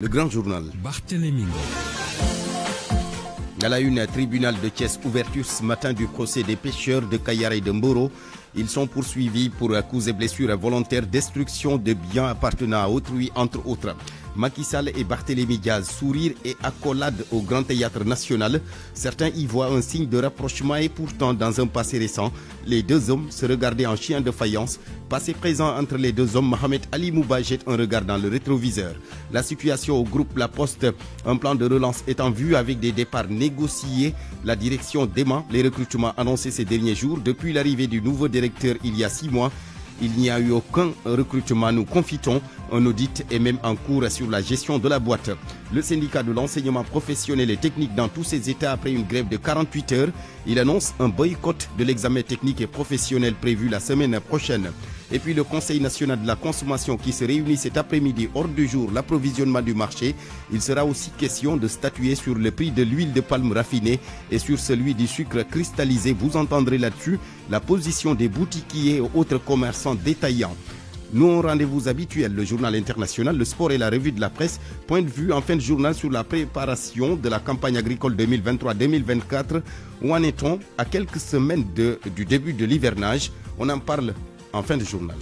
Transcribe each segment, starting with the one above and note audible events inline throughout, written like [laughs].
Le grand journal. Barthélémy À la une, tribunal de Thiès ouverture ce matin du procès des pêcheurs de Kayar et de Mboro. Ils sont poursuivis pour coups et blessures volontaire, destruction de biens appartenant à autrui, entre autres. Macky et Barthélémy Diaz, sourire et accolade au Grand Théâtre National. Certains y voient un signe de rapprochement et pourtant, dans un passé récent, les deux hommes se regardaient en chien de faïence. Passé présent entre les deux hommes, Mohamed Ali Mouba jette un regard dans le rétroviseur. La situation au groupe La Poste, un plan de relance est en vue avec des départs négociés. La direction dément les recrutements annoncés ces derniers jours depuis l'arrivée du nouveau directeur il y a six mois. Il n'y a eu aucun recrutement, nous confitons. Un audit est même en cours sur la gestion de la boîte. Le syndicat de l'enseignement professionnel et technique dans tous ses états après une grève de 48 heures il annonce un boycott de l'examen technique et professionnel prévu la semaine prochaine. Et puis le Conseil national de la consommation qui se réunit cet après-midi hors du jour l'approvisionnement du marché. Il sera aussi question de statuer sur le prix de l'huile de palme raffinée et sur celui du sucre cristallisé. Vous entendrez là-dessus la position des boutiquiers et autres commerçants détaillants. Nous ont rendez-vous habituel, le journal international, le sport et la revue de la presse. Point de vue en fin de journal sur la préparation de la campagne agricole 2023-2024. Où en est-on à quelques semaines de, du début de l'hivernage On en parle en fin de journal.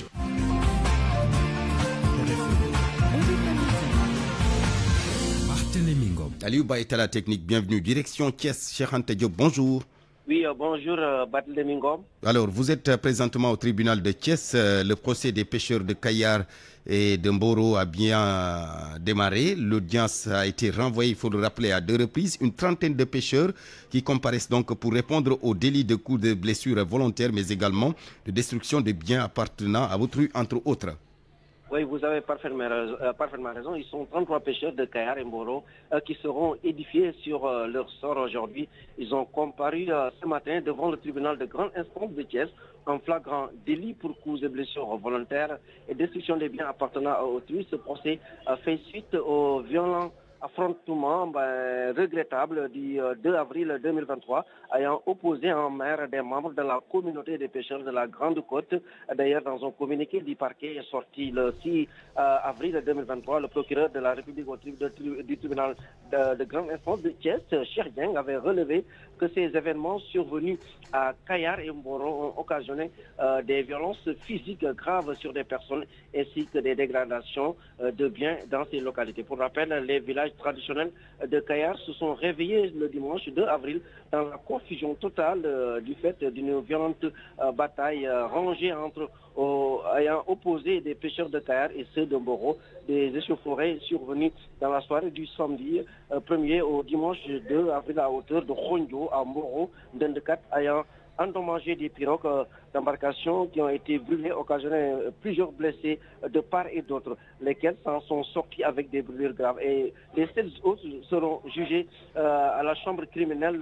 la technique. Bienvenue. Direction Bonjour. Oui, euh, bonjour, de euh, Mingom. Alors, vous êtes euh, présentement au tribunal de Thiès. le procès des pêcheurs de Cayar et de Mboro a bien démarré. L'audience a été renvoyée, il faut le rappeler, à deux reprises. Une trentaine de pêcheurs qui comparaissent donc pour répondre au délit de coups de blessure volontaire, mais également de destruction de biens appartenant à votre rue, entre autres. Oui, vous avez parfaitement raison, euh, raison. Ils sont 33 pêcheurs de Kayar et Moro euh, qui seront édifiés sur euh, leur sort aujourd'hui. Ils ont comparu ce matin devant le tribunal de grande instance de Thiès en flagrant délit pour cause de blessures volontaires et destruction des biens appartenant à autrui. Ce procès fait suite aux violents affrontement ben, regrettable du 2 euh, avril 2023 ayant opposé en mer des membres de la communauté des pêcheurs de la Grande Côte. D'ailleurs, dans un communiqué du parquet sorti le 6 euh, avril 2023, le procureur de la République du tribunal de, grande instance de Thiès, Chergien, avait relevé que ces événements survenus à Kayar et Mboro ont occasionné euh, des violences physiques graves sur des personnes ainsi que des dégradations euh, de biens dans ces localités. Pour rappel, les villages traditionnels de Kayar se sont réveillés le dimanche 2 avril dans la confusion totale euh, du fait d'une violente bataille rangée entre ayant opposé des pêcheurs de terre et ceux de Mboro, des échauffourées survenues dans la soirée du samedi 1er euh, au dimanche 2 avec la hauteur de Rondo à Mboro, 24, ayant endommagé des pirogues euh, d'embarcation qui ont été brûlées, occasionnant euh, plusieurs blessés de part et d'autre, lesquels s'en sont sortis avec des brûlures graves. Et les seuls autres seront jugés euh, à la chambre criminelle.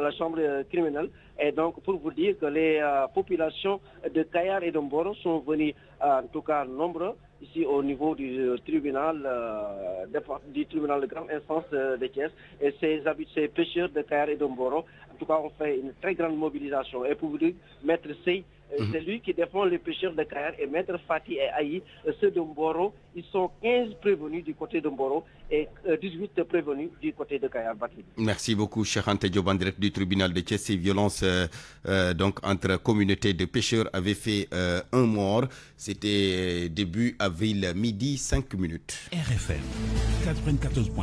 à la chambre criminelle. Et donc, pour vous dire que les populations de Kayar et de sont venues, en tout cas nombreux, ici au niveau du euh, tribunal, euh, du tribunal de grande instance des euh, de et ces, ces pêcheurs de terre et d'Omboro. En tout cas, on fait une très grande mobilisation. Et pour vous mettre Maître euh, mhm. c'est lui qui défend les pêcheurs de Kayar et Maître Fatih et Aïe, euh, ceux de Mboro. Ils sont 15 prévenus du côté de Mboro et 18 euh, prévenus du côté de Kayar Merci beaucoup, Cheikh Ante direct du tribunal de Thiès. Violence donc, entre communautés de pêcheurs avait fait un mort. C'était début avril, midi, 5 minutes. RFM 94.0,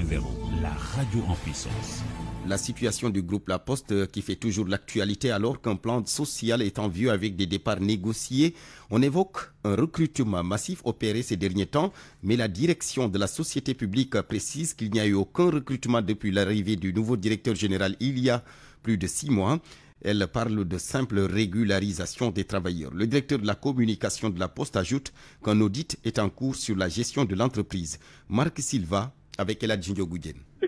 la radio en puissance. La situation du groupe La Poste euh, qui fait toujours l'actualité alors qu'un plan social est en vue avec des départs négociés. On évoque un recrutement massif opéré ces derniers temps, mais la direction de la société publique précise qu'il n'y a eu aucun recrutement depuis l'arrivée du nouveau directeur général il y a plus de six mois. Elle parle de simple régularisation des travailleurs. Le directeur de la communication de la Poste ajoute qu'un audit est en cours sur la gestion de l'entreprise. Marc Silva avec Eladjindio Goudien. Ce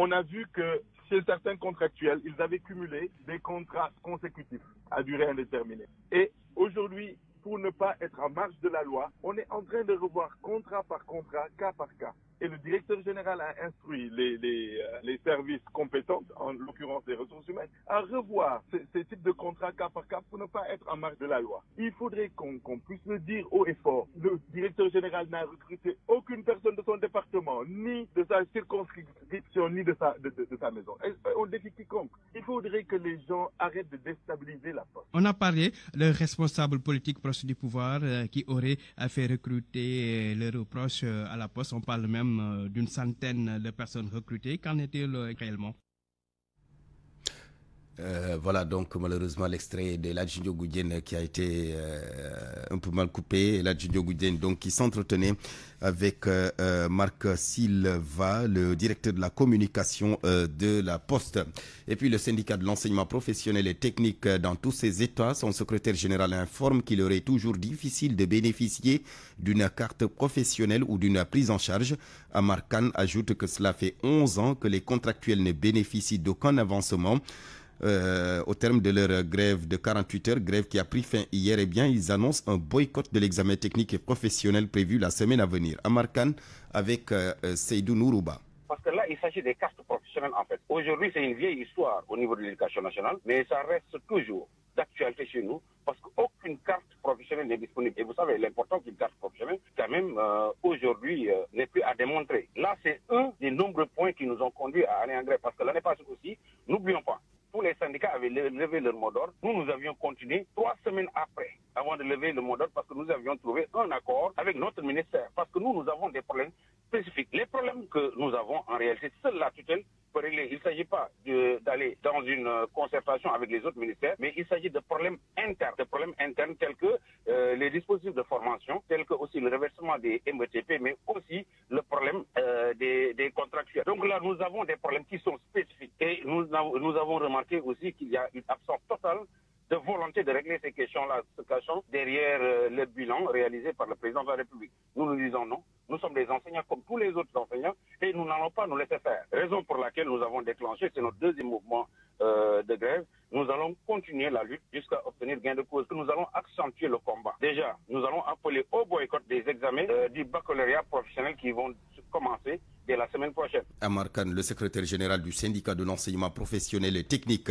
on a vu que chez certains contractuels, ils avaient cumulé des contrats consécutifs à durée indéterminée. Et aujourd'hui, pour ne pas être en marge de la loi, on est en train de revoir contrat par contrat, cas par cas et le directeur général a instruit les, euh, services compétents, en l'occurrence les ressources humaines, à revoir ces, ces types de contrats cas par cas pour ne pas être en marge de la loi. Il faudrait qu'on puisse le dire haut et fort. Le directeur général n'a recruté aucune personne de son département, ni de sa circonscription, ni de sa, de, sa maison. on défie quiconque. Il faudrait que les gens arrêtent de déstabiliser la poste. On a parlé le responsable politique proche du pouvoir euh, qui auraient euh, fait recruter leurs proches à la poste. On parle même euh, d'une centaine de personnes recrutées. Qu'en est-il euh, réellement euh, voilà donc malheureusement l'extrait de la Goudienne qui a été euh, un peu mal coupé. La Goudien donc qui s'entretenait avec euh, Marc Silva, le directeur de la communication de la Poste. Et puis le syndicat de l'enseignement professionnel et technique dans tous ses états, son secrétaire général informe qu'il aurait toujours difficile de bénéficier d'une carte professionnelle ou d'une prise en charge. Amar Khan ajoute que cela fait 11 ans que les contractuels ne bénéficient d'aucun avancement. Euh, au terme de leur grève de 48 heures, grève qui a pris fin hier, et eh bien, ils annoncent un boycott de l'examen technique et professionnel prévu la semaine à venir. à avec euh, euh, Seydou Nourouba. Parce que là, il s'agit des cartes professionnelles en fait. Aujourd'hui, c'est une vieille histoire au niveau de l'éducation nationale, mais ça reste toujours d'actualité chez nous parce qu'aucune carte professionnelle n'est disponible. Et vous savez, l'important qu'une carte professionnelle, quand même, aujourd'hui, n'est plus à démontrer. Là, c'est un des nombreux points qui nous ont conduits à aller en grève. Parce que l'année passée aussi, n'oublions pas, tous les syndicats avaient levé leur mot d'ordre. Nous, nous avions continué trois semaines après, avant de lever le mot d'ordre, parce que nous avions trouvé un accord avec notre ministère, parce que nous, nous avons des problèmes spécifiques. Les problèmes que nous avons, en réalité, seul la tutelle pour régler. Il ne s'agit pas d'aller dans une euh, concertation avec les autres ministères, mais il s'agit de problèmes internes, de problèmes internes tels que euh, les dispositifs de formation, tels que aussi le reversement des METP, mais aussi le problème euh, des, contractuels. Donc là, nous avons des problèmes qui sont spécifiques et nous, nous avons remarqué aussi qu'il y a une absence totale de volonté de régler ces questions-là, se cachant derrière euh, le bilan réalisé par le président de la République. Nous nous disons non, nous sommes des enseignants comme tous les autres enseignants et nous n'allons pas nous laisser faire. Raison pour laquelle nous avons déclenché, c'est notre deuxième mouvement euh, de grève, nous allons continuer la lutte jusqu'à obtenir gain de cause. Nous allons accentuer le combat. Déjà, nous allons appeler au boycott des examens euh, du baccalauréat professionnel qui vont commencer dès la semaine prochaine. Amar le secrétaire général du syndicat de l'enseignement professionnel et technique.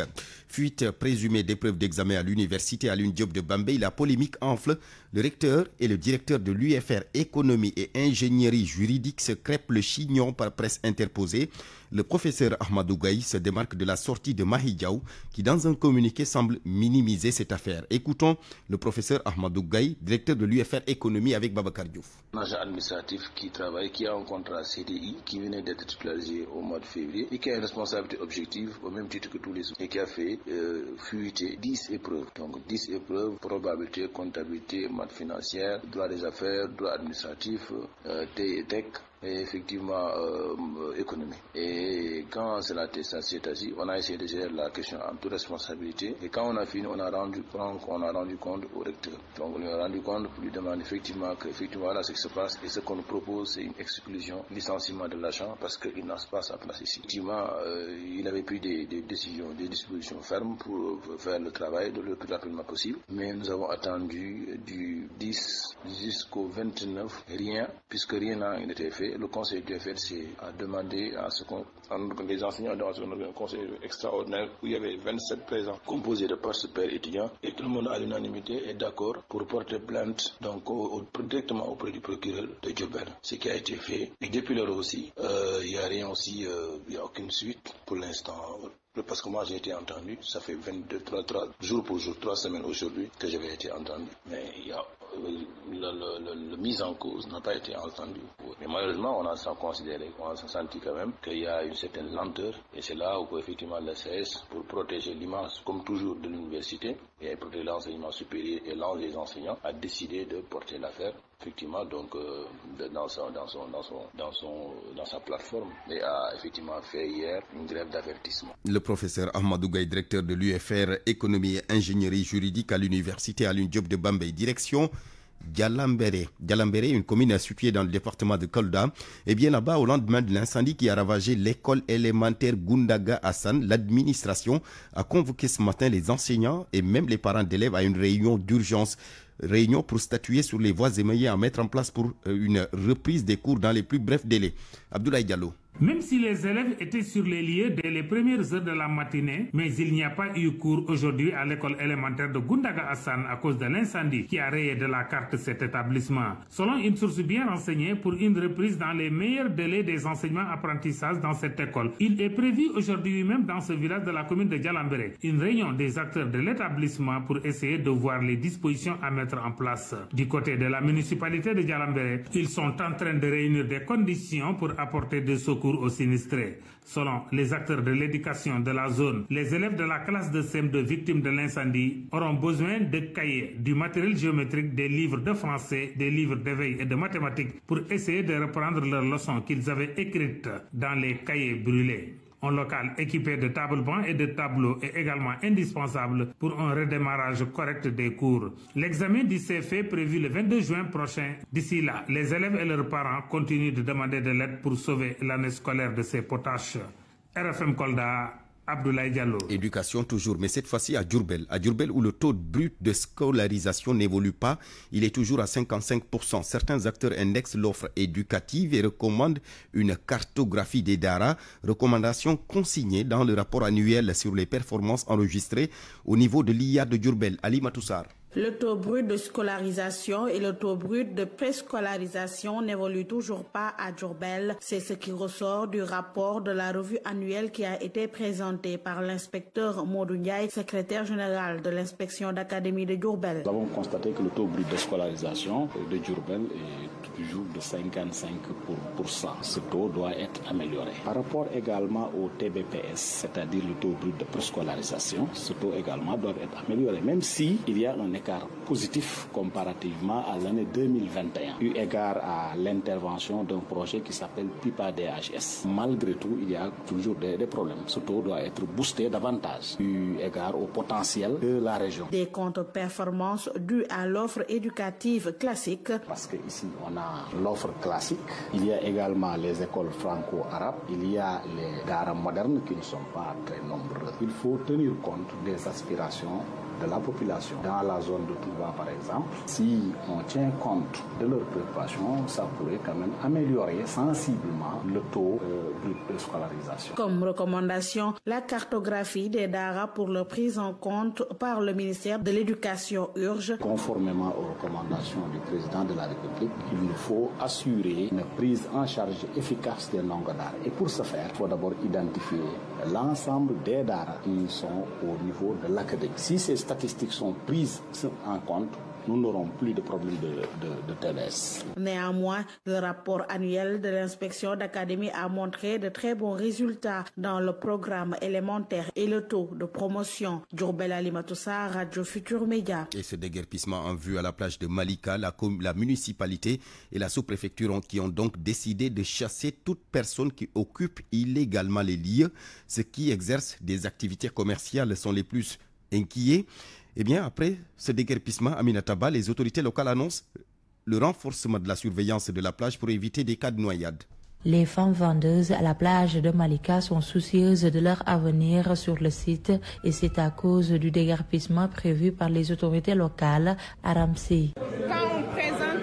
Fuite présumée d'épreuves d'examen à l'université à Diop de Bambay, la polémique enfle. Le recteur et le directeur de l'UFR économie et ingénierie juridique se crêpent le chignon par presse interposée le professeur Ahmadou Gaï se démarque de la sortie de Mahi Diaw, qui dans un communiqué semble minimiser cette affaire. Écoutons le professeur Ahmadou Gaï, directeur de l'UFR Économie avec Babacar Diouf. Un agent administratif qui travaille, qui a un contrat CDI, qui venait d'être titularisé au mois de février et qui a une responsabilité objective au même titre que tous les autres et qui a fait euh, fuiter 10 épreuves. Donc 10 épreuves, probabilité, comptabilité, maths financière, droit des affaires, droit administratif, euh, e e effectivement euh, économie. Et quand cela s'est agi, on a essayé de gérer la question en toute responsabilité. Et quand on a fini, on a rendu, on a rendu compte au recteur. Donc on lui a rendu compte pour lui demander effectivement que effectivement ce qui se passe et ce qu'on nous propose c'est une exclusion, licenciement de l'agent parce qu'il n'a pas sa place ici. Effectivement, euh, il avait pris des, des, décisions, des dispositions fermes pour faire le travail le plus rapidement possible. Mais nous avons attendu du 10 jusqu'au 29 rien puisque rien n'a été fait le conseil du FFC a demandé à ce qu'on, les enseignants dans un conseil extraordinaire où il y avait 27 présents composés de pères étudiants et tout le monde à l'unanimité est d'accord pour porter plainte donc directement auprès du procureur de Jobel Ce qui a été fait. Et depuis lors aussi, euh, il n'y a rien aussi, euh, il n'y a aucune suite pour l'instant parce que moi j'ai été entendu, ça fait 22, 33 jours pour jour, 3 semaines aujourd'hui que j'avais été entendu. Mais il n'y a la mise en cause n'a pas été entendue. Mais malheureusement, on a considéré, on a senti quand même qu'il y a une certaine lenteur et c'est là où effectivement la CS, pour protéger l'immense comme toujours, de l'université et protéger l'enseignement supérieur et l'ange des enseignants, a décidé de porter l'affaire effectivement donc euh, dans, dans, son, dans, son, dans, sa plateforme et a effectivement fait hier une grève d'avertissement. Le professeur Ahmadou directeur de l'UFR économie et ingénierie juridique à l'université à Diop de Bambay, direction Galambéré. une commune située dans le département de Kolda. Et eh bien là-bas, au lendemain de l'incendie qui a ravagé l'école élémentaire Gundaga Hassan, l'administration a convoqué ce matin les enseignants et même les parents d'élèves à une réunion d'urgence réunion pour statuer sur les voies émaillées à mettre en place pour euh, une reprise des cours dans les plus brefs délais. Abdoulaye Diallo. Même si les élèves étaient sur les lieux dès les premières heures de la matinée, mais il n'y a pas eu cours aujourd'hui à l'école élémentaire de Gundaga Hassan à cause de l'incendie qui a rayé de la carte cet établissement. Selon une source bien renseignée, pour une reprise dans les meilleurs délais des enseignements apprentissages dans cette école, il est prévu aujourd'hui même dans ce village de la commune de Djalambere une réunion des acteurs de l'établissement pour essayer de voir les dispositions à mettre en place. Du côté de la municipalité de Djalambere, ils sont en train de réunir des conditions pour apporter des secours aux Selon les acteurs de l'éducation de la zone, les élèves de la classe de SEM 2 victimes de l'incendie auront besoin de cahiers, du matériel géométrique, des livres de français, des livres d'éveil et de mathématiques pour essayer de reprendre leurs leçons qu'ils avaient écrites dans les cahiers brûlés. Un local équipé de tables bancs et de tableaux est également indispensable pour un redémarrage correct des cours. L'examen du CFE prévu le 22 juin prochain. D'ici là, les élèves et leurs parents continuent de demander de l'aide pour sauver l'année scolaire de ces potaches. RFM Kolda, Abdoulaye Diallo. Éducation toujours, mais cette fois-ci à Djurbel. À Djurbel, où le taux brut de scolarisation n'évolue pas, il est toujours à 55%. Certains acteurs indexent l'offre éducative et recommandent une cartographie des DARA, recommandation consignée dans le rapport annuel sur les performances enregistrées au niveau de l'IA de Djurbel. Ali Matoussar. Le taux brut de scolarisation et le taux brut de préscolarisation n'évoluent toujours pas à Djourbel. C'est ce qui ressort du rapport de la revue annuelle qui a été présenté par l'inspecteur Ndiaye, secrétaire général de l'inspection d'académie de Djourbel. Nous avons constaté que le taux brut de scolarisation de Djourbel est toujours de 55%. ce taux doit être amélioré. Par rapport également au TBPS, c'est-à-dire le taux brut de préscolarisation, ce taux également doit être amélioré, même si y a un car positif comparativement à l'année 2021, eu égard à l'intervention d'un projet qui s'appelle PIPA DHS. Malgré tout, il y a toujours des, problèmes. Ce taux doit être boosté davantage, eu égard au potentiel de la région. Des contre-performances dues à l'offre éducative classique. Parce que ici, on a l'offre classique. Il y a également les écoles franco-arabes. Il y a les gares modernes qui ne sont pas très nombreuses. Il faut tenir compte des aspirations de la population dans la zone de Touba, par exemple, si on tient compte de leurs préoccupations, ça pourrait quand même améliorer sensiblement le taux euh, de scolarisation. Comme recommandation, la cartographie des DARA pour leur prise en compte par le ministère de l'Éducation urge. Conformément aux recommandations du président de la République, il nous faut assurer une prise en charge efficace des langues d'art. Et pour ce faire, il faut d'abord identifier l'ensemble des DARA qui sont au niveau de l'académie. Si statistiques sont prises en compte, nous n'aurons plus de problème de, de, Néanmoins, le rapport annuel de l'inspection d'académie a montré de très bons résultats dans le programme élémentaire et le taux de promotion. Djourbel Alimatoussa, Radio Futur Média. Et ce déguerpissement en vue à la plage de Malika, la, la municipalité et la sous-préfecture ont, qui ont donc décidé de chasser toute personne qui occupe illégalement les lieux. Ceux qui exercent des activités commerciales sont les plus inquiets. Eh bien, après ce déguerpissement à Minataba, les autorités locales annoncent le renforcement de la surveillance de la plage pour éviter des cas de noyade. Les femmes vendeuses à la plage de Malika sont soucieuses de leur avenir sur le site et c'est à cause du dégarpissement prévu par les autorités locales à Ramsey. Quand on présente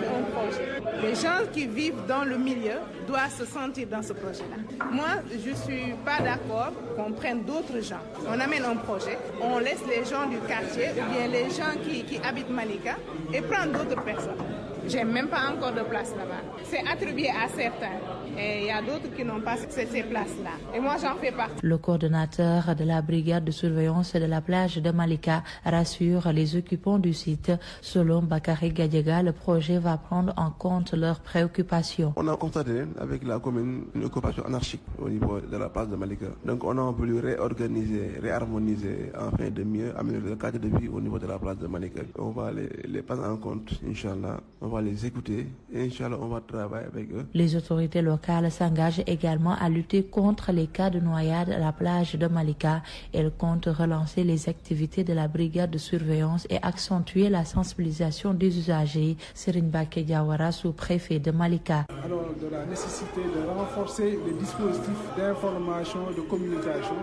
les gens qui vivent dans le milieu doivent se sentir dans ce projet-là. Moi, je ne suis pas d'accord qu'on prenne d'autres gens. On amène un projet, on laisse les gens du quartier ou bien les gens qui, qui habitent Malika et prendre d'autres personnes. J'ai même pas encore de place là-bas. C'est attribué à certains et il y a d'autres qui n'ont pas ces, places-là. Et moi, j'en fais partie. Le coordonnateur de la brigade de surveillance de la plage de Malika rassure les occupants du site. Selon Bakary Gadiaga, le projet va prendre en compte leurs préoccupations. On a constaté avec la commune une occupation anarchique au niveau de la place de Malika. Donc, on a voulu réorganiser, réharmoniser afin de mieux améliorer le cadre de vie au niveau de la place de Malika. On va les, les prendre en compte, Inch'Allah. On va les écouter. Inch'Allah, on va travailler avec eux. Les autorités locales elle s'engage également à lutter contre les cas de noyade à la plage de Malika. Elle compte relancer les activités de la brigade de surveillance et accentuer la sensibilisation des usagers. baké Diawara, sous-préfet de Malika. Alors, de la nécessité de renforcer les dispositifs d'information, de communication,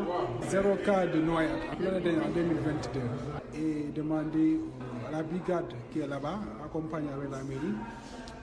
zéro cas de noyade en 2022 et demander à la brigade qui est là-bas, accompagnée avec la mairie,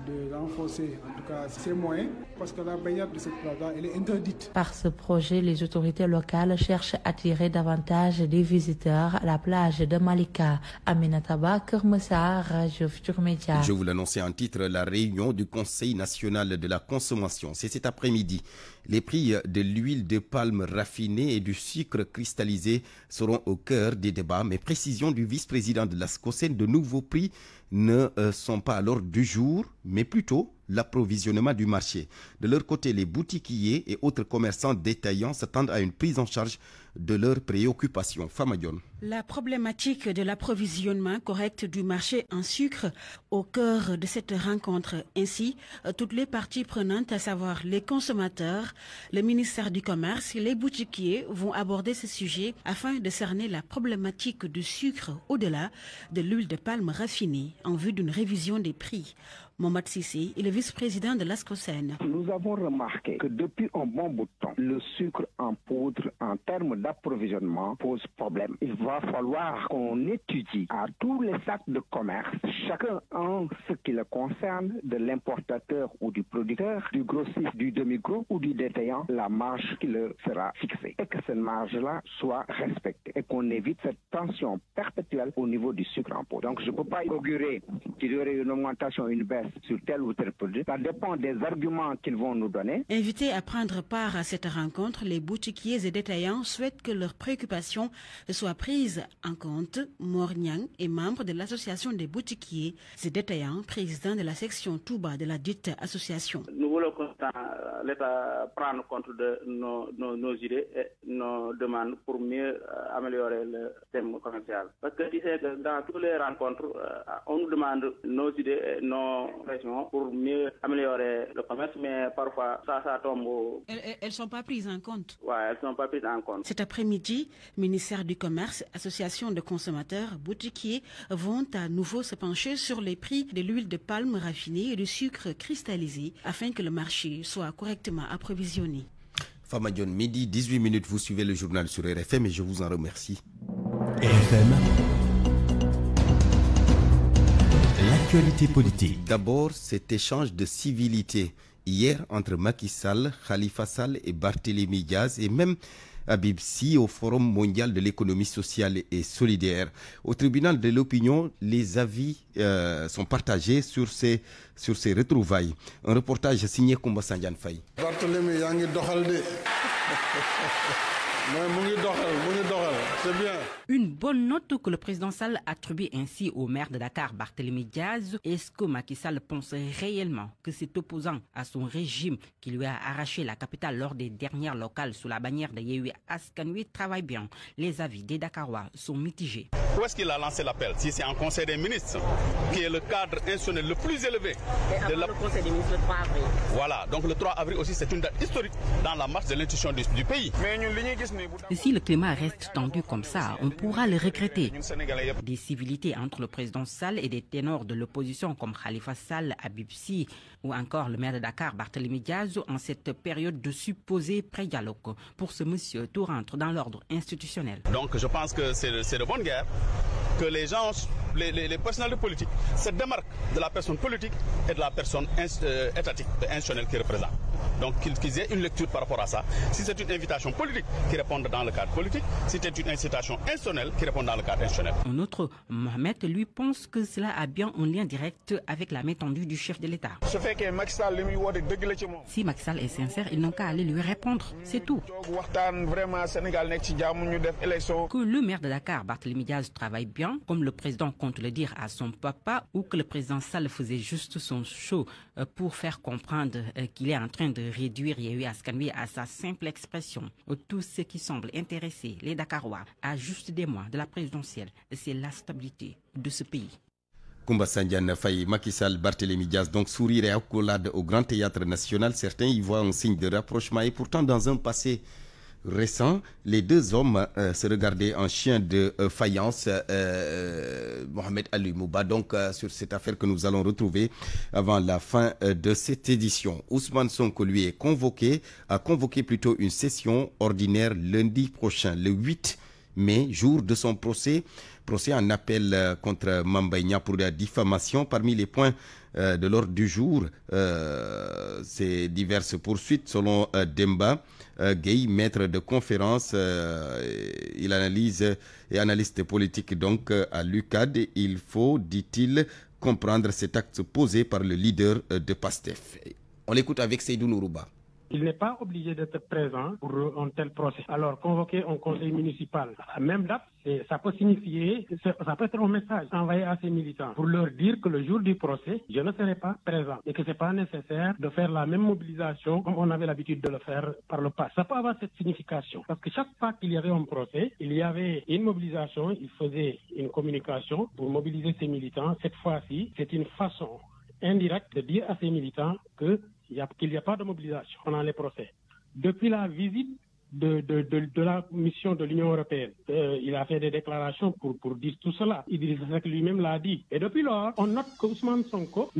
de renforcer en tout cas ces moyens parce que la baignade de cette plage est interdite. Par ce projet, les autorités locales cherchent à attirer davantage des visiteurs à la plage de Malika. Aminataba Kermessar, Radio Média. Je vous l'annonce en titre, la réunion du Conseil national de la consommation. C'est cet après-midi. Les prix de l'huile de palme raffinée et du sucre cristallisé seront au cœur des débats, mais précision du vice-président de la SCOSEN, de nouveaux prix ne euh, sont pas à l'ordre du jour, mais plutôt l'approvisionnement du marché. De leur côté, les boutiquiers et autres commerçants détaillants s'attendent à une prise en charge de leurs préoccupations. La problématique de l'approvisionnement correct du marché en sucre au cœur de cette rencontre. Ainsi, euh, toutes les parties prenantes, à savoir les consommateurs, le ministère du Commerce, les boutiquiers, vont aborder ce sujet afin de cerner la problématique du sucre au-delà de l'huile de palme raffinée en vue d'une révision des prix. Momad Sissi est le vice-président de l'ASCOSEN. Nous avons remarqué que depuis un bon bout de temps, le sucre en poudre en termes d'approvisionnement pose problème. Il va falloir qu'on étudie à tous les sacs de commerce, chacun en ce qui le concerne, de l'importateur ou du producteur, du grossiste, du demi gros ou du détaillant, la marge qui leur sera fixée. Et que cette marge-là soit respectée et qu'on évite cette tension perpétuelle au niveau du sucre en poudre. Donc je ne peux pas augurer qu'il y aurait une augmentation, une baisse sur tel ou tel produit. Ça dépend des arguments qu'ils vont nous donner. Invités à prendre part à cette rencontre, les boutiquiers et détaillants souhaitent que leurs préoccupations soient prises en compte. Morniang est membre de l'association des boutiquiers et détaillants, président de la section Touba de la dite association. Nous voulons que l'État prenne compte de nos, idées et nos demandes pour mieux euh, améliorer le thème commercial. Parce que dans toutes les rencontres, euh, on nous demande nos idées, nos pour mieux améliorer le commerce, mais parfois ça, tombe. Au... Elles ne sont pas prises en compte. Ouais, elles sont pas prises en compte. Cet après-midi, ministère du Commerce, association de consommateurs, boutiquiers vont à nouveau se pencher sur les prix de l'huile de palme raffinée et du sucre cristallisé afin que le marché soit correctement approvisionné. Famadion, midi 18 minutes, vous suivez le journal sur RFM et je vous en remercie. RFM politique. D'abord, cet échange de civilité hier entre Macky Sall, Khalifa Sall et Barthélémy Diaz et même Habib Sy au Forum mondial de l'économie sociale et solidaire. Au tribunal de l'opinion, les avis euh, sont partagés sur ces, sur ces retrouvailles. Un reportage signé Koumba Sandian [laughs] bien. Une bonne note que le président Sall attribue ainsi au maire de Dakar, Barthélémy Diaz. Est-ce que Macky Sall pense réellement que cet opposant à son régime qui lui a arraché la capitale lors des dernières locales sous la bannière de Yehui Askanui travaille bien Les avis des Dakarois sont mitigés. Où est-ce qu'il a lancé l'appel Si c'est en Conseil des ministres, qui est le cadre institutionnel le plus élevé. de le Conseil des ministres 3 avril. Voilà, donc le 3 avril aussi, c'est une date historique dans la marche de l'institution du, pays. Mais nous, si le climat reste tendu comme ça, on pourra le regretter. Des civilités entre le président Sall et des ténors de l'opposition comme Khalifa Sall, Abibsi ou encore le maire de Dakar, Barthélémy Diaz, en cette période de supposé pré-dialogue. Pour ce monsieur, tout rentre dans l'ordre institutionnel. Donc je pense que c'est de bonne guerre que les gens les, personnels de politique, politiques se démarquent de la personne politique et de la personne euh, étatique, institutionnelle qu'ils représentent. Donc qu'ils aient une lecture par rapport à ça. Si c'est une invitation politique, qui répond dans le cadre politique. Si c'est une incitation institutionnelle, qui répond dans le cadre institutionnel. Un autre, Mohamed, lui, pense que cela a bien un lien direct avec la main tendue du chef de l'État. Si Maxal est sincère, il n'ont qu'à aller lui répondre, c'est tout. Que le maire de Dakar, Barthélémy Diaz, travaille bien, comme le président le dire à son papa ou que le président Sall faisait juste son show euh, pour faire comprendre euh, qu'il est en train de réduire Yehui Askanui à sa simple expression. Euh, tout ce qui semble intéresser les Dakarois à juste des mois de la présidentielle, c'est la stabilité de ce pays. Koumba Sandiane Faye, Macky Sall, Barthélémy Diaz, donc sourire et accolade au Grand Théâtre National, certains y voient un signe de rapprochement et pourtant dans un passé récent, les deux hommes euh, se regardaient en chien de euh, faïence, euh, Mohamed Ali Mouba, donc sur cette affaire que nous allons retrouver avant la fin de cette édition. Ousmane Sonko, lui, est convoqué, a convoqué plutôt une session ordinaire lundi prochain, le 8 mais jour de son procès, procès en appel euh, contre Mambaïna pour la diffamation. Parmi les points euh, de l'ordre du jour, euh, ces diverses poursuites selon Demba. Gay, maître de conférence, il analyse et analyste politique donc à l'UCAD. Il faut, dit-il, comprendre cet acte posé par le leader de PASTEF. On l'écoute avec Seydou Nourouba. Il n'est pas obligé d'être présent pour un tel procès. Alors, convoquer un conseil municipal à même date, ça peut signifier, ça peut être un message envoyé à ces militants pour leur dire que le jour du procès, je ne serai pas présent et que c'est pas nécessaire de faire la même mobilisation comme on avait l'habitude de le faire par le passé. Ça peut avoir cette signification parce que chaque fois qu'il y avait un procès, il y avait une mobilisation, il faisait une communication pour mobiliser ses militants. Cette fois-ci, c'est une façon indirecte de dire à ses militants que qu'il n'y a pas de mobilisation dans les procès. Depuis la visite de, de, de, la mission de l'Union européenne, euh, il a fait des déclarations pour, pour dire tout cela. Idriss que lui-même l'a dit. Et depuis lors, on note qu'Ousmane Sonko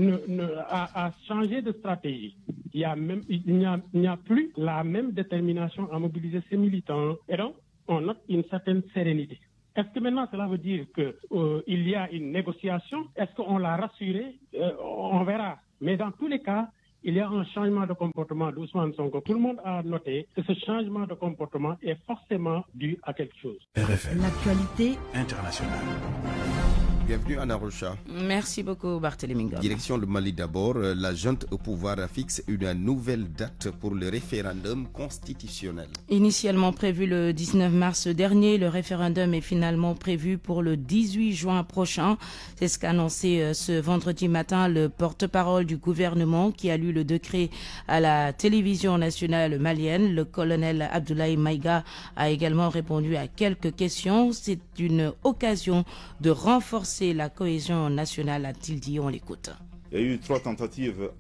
a, a changé de stratégie il n'y a, même, il a, plus la même détermination à mobiliser ses militants. Et donc, on note une certaine sérénité. Est-ce que maintenant cela veut dire qu'il euh, il y a une négociation Est-ce qu'on l'a rassuré euh, On verra. Mais dans tous les cas, il y a un changement de comportement d'Ousmane Sonko. Tout le monde a noté que ce changement de comportement est forcément dû à quelque chose. L'actualité internationale. Bienvenue Anna Rocha. Merci beaucoup Barthélémy Direction le Mali d'abord, la junte au pouvoir fixe une nouvelle date pour le référendum constitutionnel. Initialement prévu le 19 mars dernier, le référendum est finalement prévu pour le 18 juin prochain. C'est ce qu'a annoncé euh, ce vendredi matin le porte-parole du gouvernement qui a lu le décret à la télévision nationale malienne. Le colonel Abdoulaye Maïga a également répondu à quelques questions. C'est une occasion de renforcer la cohésion nationale, a-t-il dit. On l'écoute. Il y a eu trois tentatives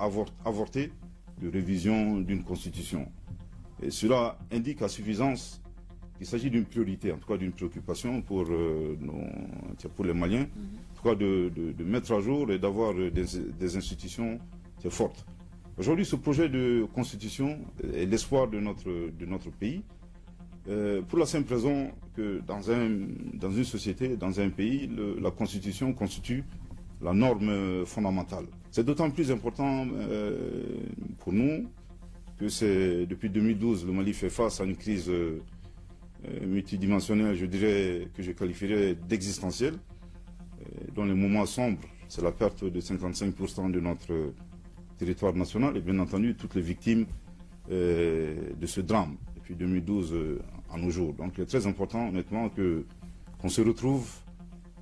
avortées de révision d'une constitution. Et cela indique à suffisance qu'il s'agit d'une priorité, en tout cas d'une préoccupation pour, euh, pour les Maliens, mhm. de, mettre à jour et d'avoir euh, des, institutions fortes. Aujourd'hui, ce projet de constitution est l'espoir de notre pays. Euh, pour la simple raison que dans, un, dans une société, dans un pays, la Constitution constitue la norme fondamentale. C'est d'autant plus important euh, pour nous que depuis 2012, le Mali fait face à une crise euh, multidimensionnelle, je dirais, que je qualifierais d'existentielle, dont les moments sombres, c'est la perte de 55% de notre territoire national et bien entendu toutes les victimes de ce drame depuis 2012 nos jours. Donc il est très important, honnêtement, qu'on se retrouve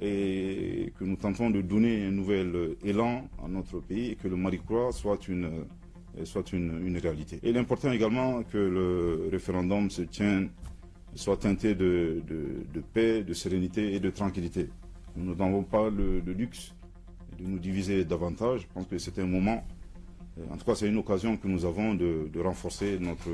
et que nous tentons de donner un nouvel élan à notre pays et que le marie soit une, soit une, une réalité. Et l'important également que le référendum se tienne, soit teinté de, de, paix, de sérénité et de tranquillité. Nous n'avons pas le, luxe de nous diviser davantage. Je pense que c'est un moment, euh, en tout cas c'est une occasion que nous avons de, de renforcer notre,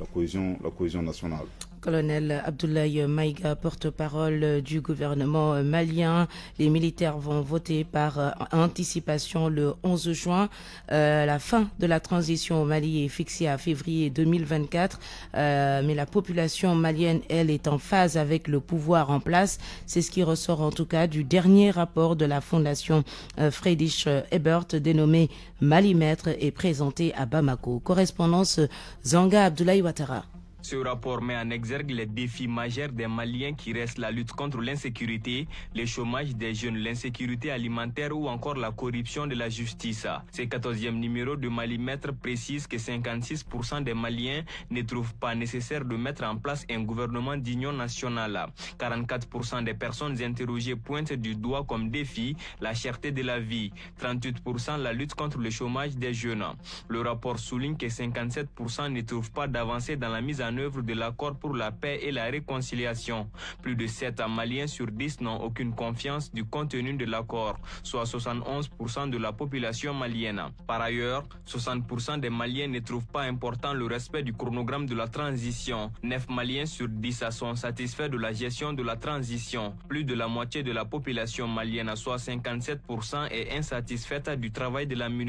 la cohésion, la cohésion nationale. Colonel Abdoulaye Maïga, porte-parole du gouvernement malien, les militaires vont voter par euh, anticipation le 11 juin. Euh, la fin de la transition au Mali est fixée à février 2024, euh, mais la population malienne, elle, est en phase avec le pouvoir en place. C'est ce qui ressort en tout cas du dernier rapport de la Fondation Friedrich Ebert, dénommé Mali Maître et présenté à Bamako. Correspondance Zanga Abdoulaye Ouattara. Ce rapport met en exergue les défis majeurs des Maliens qui restent la lutte contre l'insécurité, le chômage des jeunes, l'insécurité alimentaire ou encore la corruption de la justice. Ce 14e numéro de Malimètre précise que 56% des Maliens ne trouvent pas nécessaire de mettre en place un gouvernement d'union nationale. 44% des personnes interrogées pointent du doigt comme défi la cherté de la vie, 38% la lutte contre le chômage des jeunes. Le rapport souligne que 57% ne trouvent pas d'avancée dans la mise en œuvre de l'accord pour la paix et la réconciliation. Plus de 7 Maliens sur 10 n'ont aucune confiance du contenu de l'accord, soit 71% de la population malienne. Par ailleurs, 60% des Maliens ne trouvent pas important le respect du chronogramme de la transition. 9 Maliens sur 10 sont satisfaits de la gestion de la transition. Plus de la moitié de la population malienne, soit 57%, est insatisfaite du travail de l'aménagement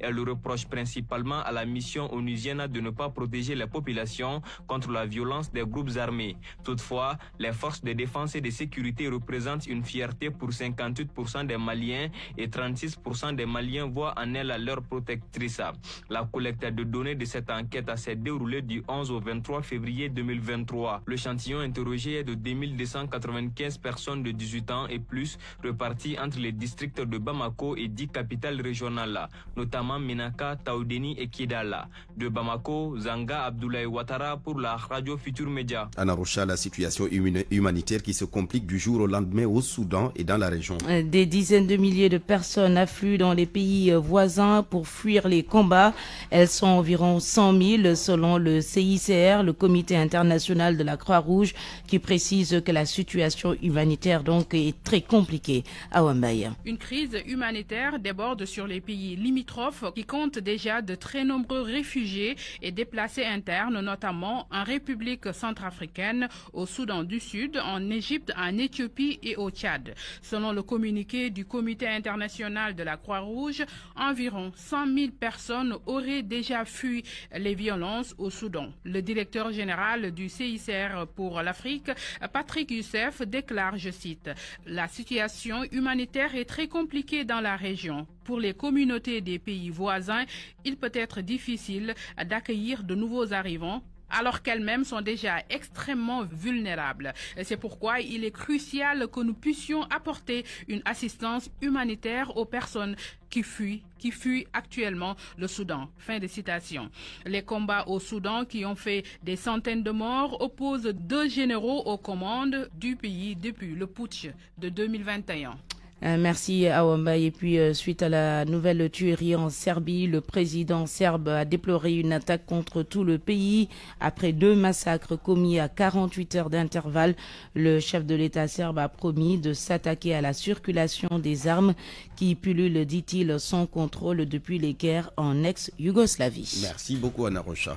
Elle le reproche principalement à la mission onusienne de ne pas protéger la population contre la violence des groupes armés. Toutefois, les forces de défense et de sécurité représentent une fierté pour 58% des Maliens et 36% des Maliens voient en elles leur protectrice. La collecte de données de cette enquête a s'est déroulée du 11 au 23 février 2023. L'échantillon interrogé est de 2295 personnes de 18 ans et plus reparties entre les districts de Bamako et 10 capitales régionales, notamment Minaka, Taoudeni et Kidala. De Bamako, Zanga Abdoulaye Ouattara pour la radio Futur Média. Anna Rocha, la situation humanitaire qui se complique du jour au lendemain au Soudan et dans la région. Euh, des dizaines de milliers de personnes affluent dans les pays euh, voisins pour fuir les combats. Elles sont environ 100 000 selon le CICR, le Comité international de la Croix-Rouge, qui précise que la situation humanitaire donc est très compliquée à Wambaye. Une crise humanitaire déborde sur les pays limitrophes qui comptent déjà de très nombreux réfugiés et déplacés internes, notamment en République centrafricaine, au Soudan du Sud, en Égypte, en Éthiopie et au Tchad. Selon le communiqué du Comité international de la Croix-Rouge, environ 100 000 personnes auraient déjà fui les violences au Soudan. Le directeur général du CICR pour l'Afrique, Patrick Youssef, déclare, je cite, La situation humanitaire est très compliquée dans la région. Pour les communautés des pays voisins, il peut être difficile d'accueillir de nouveaux arrivants alors qu'elles-mêmes sont déjà extrêmement vulnérables. C'est pourquoi il est crucial que nous puissions apporter une assistance humanitaire aux personnes qui fuient, qui actuellement le Soudan. Fin de citation. Les combats au Soudan qui ont fait des centaines de morts opposent deux généraux aux commandes du pays depuis le putsch de 2021. Euh, merci euh, Awamba. Et puis, euh, suite à la nouvelle tuerie en Serbie, le président serbe a déploré une attaque contre tout le pays après deux massacres commis à 48 heures d'intervalle. Le chef de l'État serbe a promis de s'attaquer à la circulation des armes qui pullulent, dit-il, sans contrôle depuis les guerres en ex-Yougoslavie. Merci beaucoup, Anna Rocha.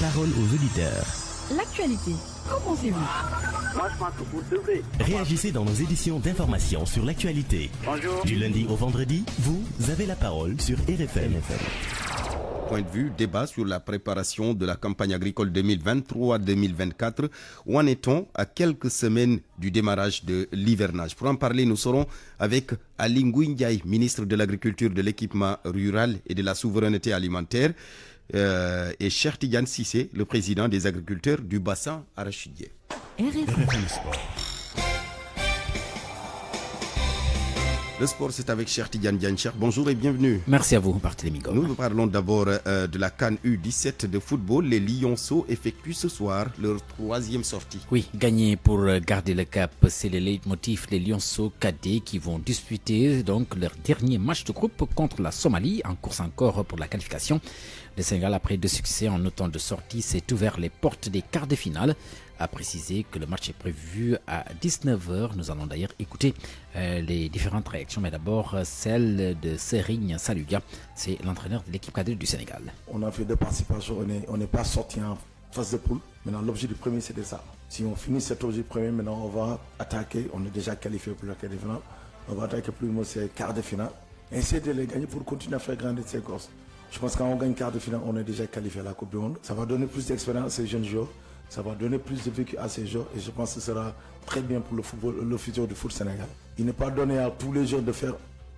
Parole aux auditeurs l'actualité. comment pensez-vous Moi, je Réagissez dans nos éditions d'informations sur l'actualité. Bonjour. Du lundi au vendredi, vous avez la parole sur RFM. point de vue, débat sur la préparation de la campagne agricole 2023-2024. Où en est-on à quelques semaines du démarrage de l'hivernage Pour en parler, nous serons avec Aling Ndiaye, ministre de l'Agriculture, de l'Équipement rural et de la Souveraineté alimentaire. Euh, et Cher Tidiane Sissé, le président des agriculteurs du bassin arachidier. Le sport, c'est avec Cher Tidiane Diancher. Bonjour et bienvenue. Merci à vous, Barthélémy Nous vous parlons d'abord euh, de la Cannes U17 de football. Les Lyonceaux effectuent ce soir leur troisième sortie. Oui, gagner pour euh, garder le cap, c'est le leitmotiv Les Lyonceaux cadets qui vont disputer donc leur dernier match de groupe contre la Somalie en course encore pour la qualification. Le Sénégal, après deux succès en autant de sorties, s'est ouvert les portes des quarts de finale. A préciser que le match est prévu à 19h. Nous allons d'ailleurs écouter euh, les différentes réactions, mais d'abord celle de Serigne Saluga, c'est l'entraîneur de l'équipe cadette du Sénégal. On a fait deux participations, on n'est pas sorti en phase de poule. Maintenant, l'objet du premier, c'était ça. Si on finit cet objet premier, maintenant, on va attaquer. On est déjà qualifié pour la quart de finale. On va attaquer plus ou moins ces quarts de finale. Essayer de les gagner pour continuer à faire grandir ces courses. Je pense on gagne quart de finale, on est déjà qualifié à la Coupe du Monde. Ça va donner plus d'expérience à ces jeunes joueurs. Ça va donner plus de vécu à ces joueurs et je pense que ce sera très bien pour le, football, le futur du foot sénégal. Il n'est pas donné à tous les jeunes de faire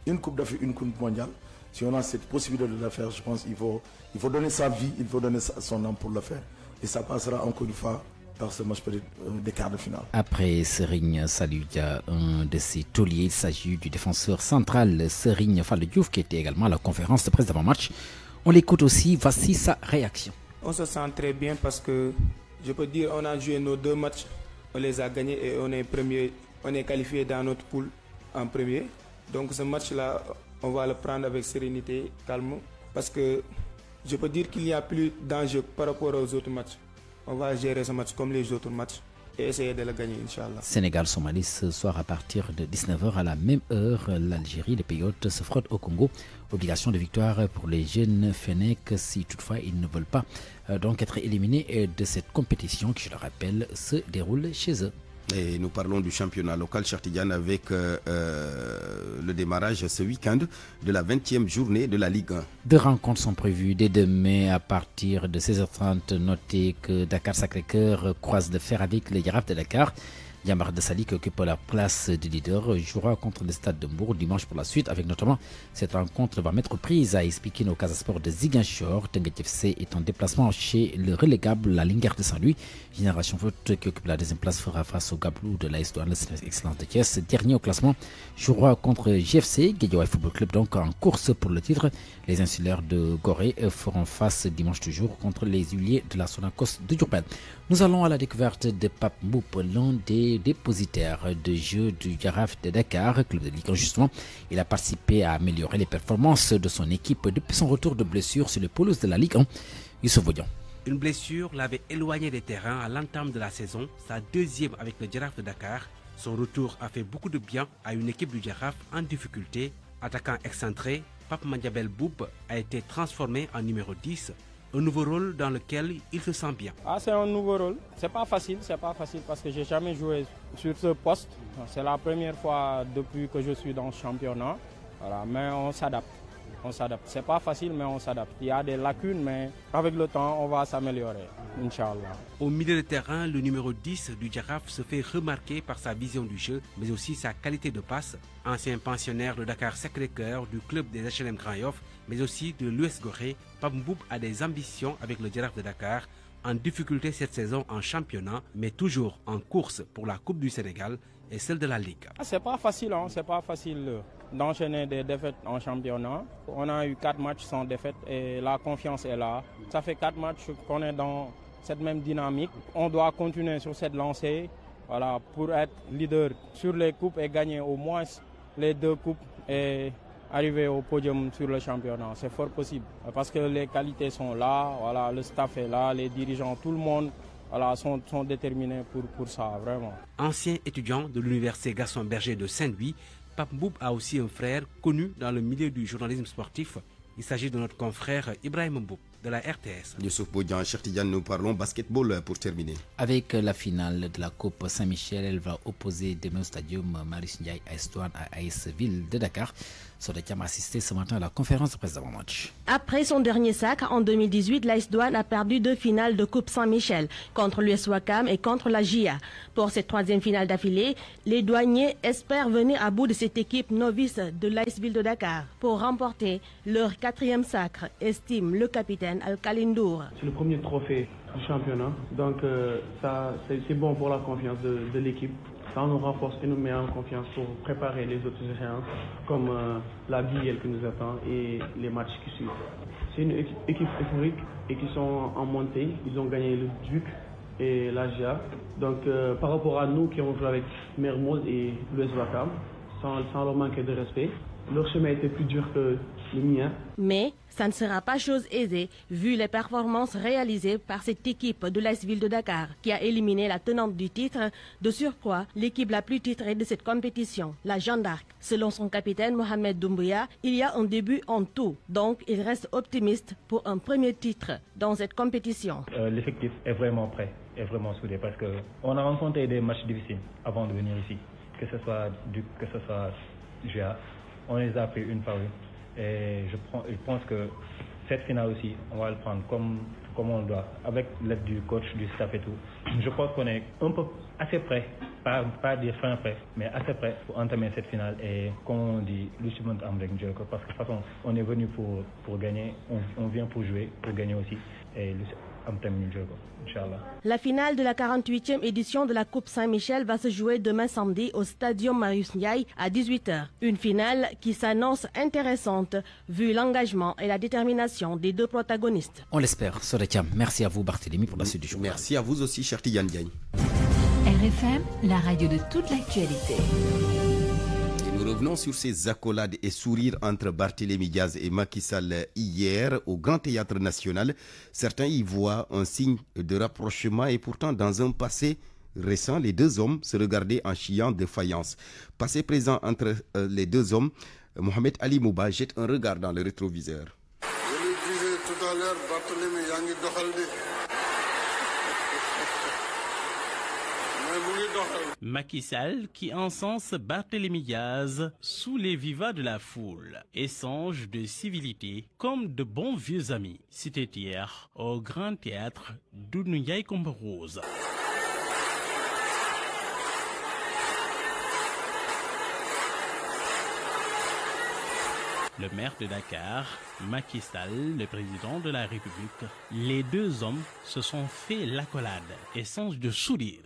une Coupe d'Afrique, une Coupe mondiale. Si on a cette possibilité de la faire, je pense qu'il faut, il faut donner sa vie, il faut donner son âme pour le faire. Et ça passera encore une fois par ce match euh, des quarts de finale. Après Serigne Saludia, un de ses tauliers, il s'agit du défenseur central Serigne Diouf qui était également à la conférence de presse d'avant-match. On l'écoute aussi, voici sa réaction. On se sent très bien parce que je peux dire on a joué nos deux matchs, on les a gagnés et on est premier, on est qualifié dans notre poule en premier. Donc ce match-là, on va le prendre avec sérénité, calme, parce que je peux dire qu'il n'y a plus d'enjeu par rapport aux autres matchs. On va gérer ce match comme les autres matchs. Sénégal-Somalie ce soir à partir de 19h à la même heure. L'Algérie, les pays se frottent au Congo. Obligation de victoire pour les jeunes Fenech si toutefois ils ne veulent pas euh, donc être éliminés euh, de cette compétition qui, je le rappelle, se déroule chez eux. Et nous parlons du championnat local chartigan avec euh, euh, le démarrage ce week-end de la 20e journée de la Ligue 1. Deux rencontres sont prévues dès demain à partir de 16h30. Notez que Dakar Sacré-Cœur croise de fer avec le Giraffe de Dakar. Yamar Dessali, qui occupe la place de leader, jouera contre le stade de Mbourg dimanche pour la suite, avec notamment cette rencontre va mettre prise à expliquer nos sport de Ziguinchor. Tengue FC est en déplacement chez le relégable la Lingard de Saint-Louis. Génération Foot, qui occupe la deuxième place, fera face au Gablou de l'AS Douane, excellence de pièce. Dernier au classement, jouera contre GFC, Guédiaway Football Club, donc en course pour le titre. Les insulaires de Gorée feront face dimanche toujours contre les huiliers de la Sonacos de Durban. Nous allons à la découverte de Pape Mboup, l'un des dépositaires de jeux du Giraffe de Dakar, club de Ligue justement. Il a participé à améliorer les performances de son équipe depuis son retour de blessure sur le polos de la Ligue 1. Une blessure l'avait éloigné des terrains à l'entame de la saison, sa deuxième avec le Giraffe de Dakar. Son retour a fait beaucoup de bien à une équipe du Giraffe en difficulté. Attaquant excentré, Pape Mandiabel Boub a été transformé en numéro 10 un nouveau rôle dans lequel il se sent bien. Ah, c'est un nouveau rôle. C'est pas facile, c'est pas facile parce que j'ai jamais joué sur ce poste. C'est la première fois depuis que je suis dans le championnat. Voilà, mais on s'adapte. On s'adapte. C'est pas facile, mais on s'adapte. Il y a des lacunes, mais avec le temps, on va s'améliorer. Inch'Allah. Au milieu de terrain, le numéro 10 du Giraffe se fait remarquer par sa vision du jeu, mais aussi sa qualité de passe. Ancien pensionnaire de Dakar Sacré-Cœur du club des HLM Grand mais aussi de l'US Gorée, Pamboub a des ambitions avec le Giraffe de Dakar, en difficulté cette saison en championnat, mais toujours en course pour la Coupe du Sénégal et celle de la Ligue. Ah, c'est pas facile, hein. c'est pas facile euh, d'enchaîner des défaites en championnat. On a eu quatre matchs sans défaite et la confiance est là. Ça fait quatre matchs qu'on est dans cette même dynamique. On doit continuer sur cette lancée voilà, pour être leader sur les coupes et gagner au moins les deux coupes et arriver au podium sur le championnat. C'est fort possible parce que les qualités sont là, voilà, le staff est là, les dirigeants, tout le monde sont, sont déterminés pour, pour ça, vraiment. Ancien étudiant de l'université garçon Berger de Saint-Louis, Pape Mboub a aussi un frère connu dans le milieu du journalisme sportif. Il s'agit de notre confrère Ibrahim Mboub de la RTS. Boudian, Chertidian, nous parlons basketball pour terminer. Avec la finale de la Coupe Saint-Michel, elle va opposer demain au stadium marie Ndiaye à Estouane à Aïsville de Dakar. Sodetiam assisté ce matin à la conférence de presse match. Après son dernier sac, en 2018, l'ice Douane a perdu deux finales de Coupe Saint-Michel, contre l'US Wakam et contre la GIA. Pour cette troisième finale d'affilée, les douaniers espèrent venir à bout de cette équipe novice de l'iceville Ville de Dakar pour remporter leur quatrième sacre, estime le capitaine Al-Kalindour. C'est le premier trophée du championnat, donc euh, c'est bon pour la confiance de l'équipe ça nous renforce et nous met en confiance pour préparer les autres échéances comme euh, la BIL qui nous attend et les matchs qui suivent. C'est une équipe historique et qui sont en montée. Ils ont gagné le Duc et GIA. Donc euh, par rapport à nous qui avons joué avec Mermoz et Louis Vacam, sans, leur manquer de respect, leur chemin était plus dur que Hein. Mais ça ne sera pas chose aisée vu les performances réalisées par cette équipe de l'Est-Ville de Dakar qui a éliminé la tenante du titre, de surcroît l'équipe la plus titrée de cette compétition, la Jeanne d'Arc. Selon son capitaine Mohamed Doumbouya, il y a un début en tout, donc il reste optimiste pour un premier titre dans cette compétition. Euh, l'effectif est vraiment prêt, est vraiment soudé parce qu'on a rencontré des matchs difficiles avant de venir ici, que ce soit du, que ce soit GA. On les a pris une par une. Et je, prends, je pense que cette finale aussi, on va le prendre comme, comme on doit, avec l'aide du coach, du staff et tout. Je pense qu'on est un peu assez près, pas, pas des fins près, mais assez près pour entamer cette finale. Et comme on dit, Lucimont parce que de toute façon, on est venu pour, pour gagner, on, vient pour jouer, pour gagner aussi. La finale de la 48e édition de la Coupe Saint-Michel va se jouer demain samedi au Stadium Marius Ndiaye à 18h. Une finale qui s'annonce intéressante vu l'engagement et la détermination des deux protagonistes. On l'espère, Soretia. Merci à vous Barthélémy pour la suite du jour. Merci à vous aussi, cher RFM, la radio de toute l'actualité. Revenons sur ces accolades et sourires entre Barthélémy Diaz et Macky Sall hier au Grand Théâtre National. Certains y voient un signe de rapprochement et pourtant dans un passé récent, les deux hommes se regardaient en chiant de faïence. Passé présent entre euh, les deux hommes, Mohamed Ali Mouba jette un regard dans le rétroviseur. Macky Sall qui encense Barthélémy Yaz sous les vivats de la foule. et songe de civilité comme de bons vieux amis. C'était hier au Grand Théâtre d'Ounouyaï Combe le maire de Dakar, Macky Sall, le président de la République, les deux hommes se sont fait l'accolade, essence de sourire.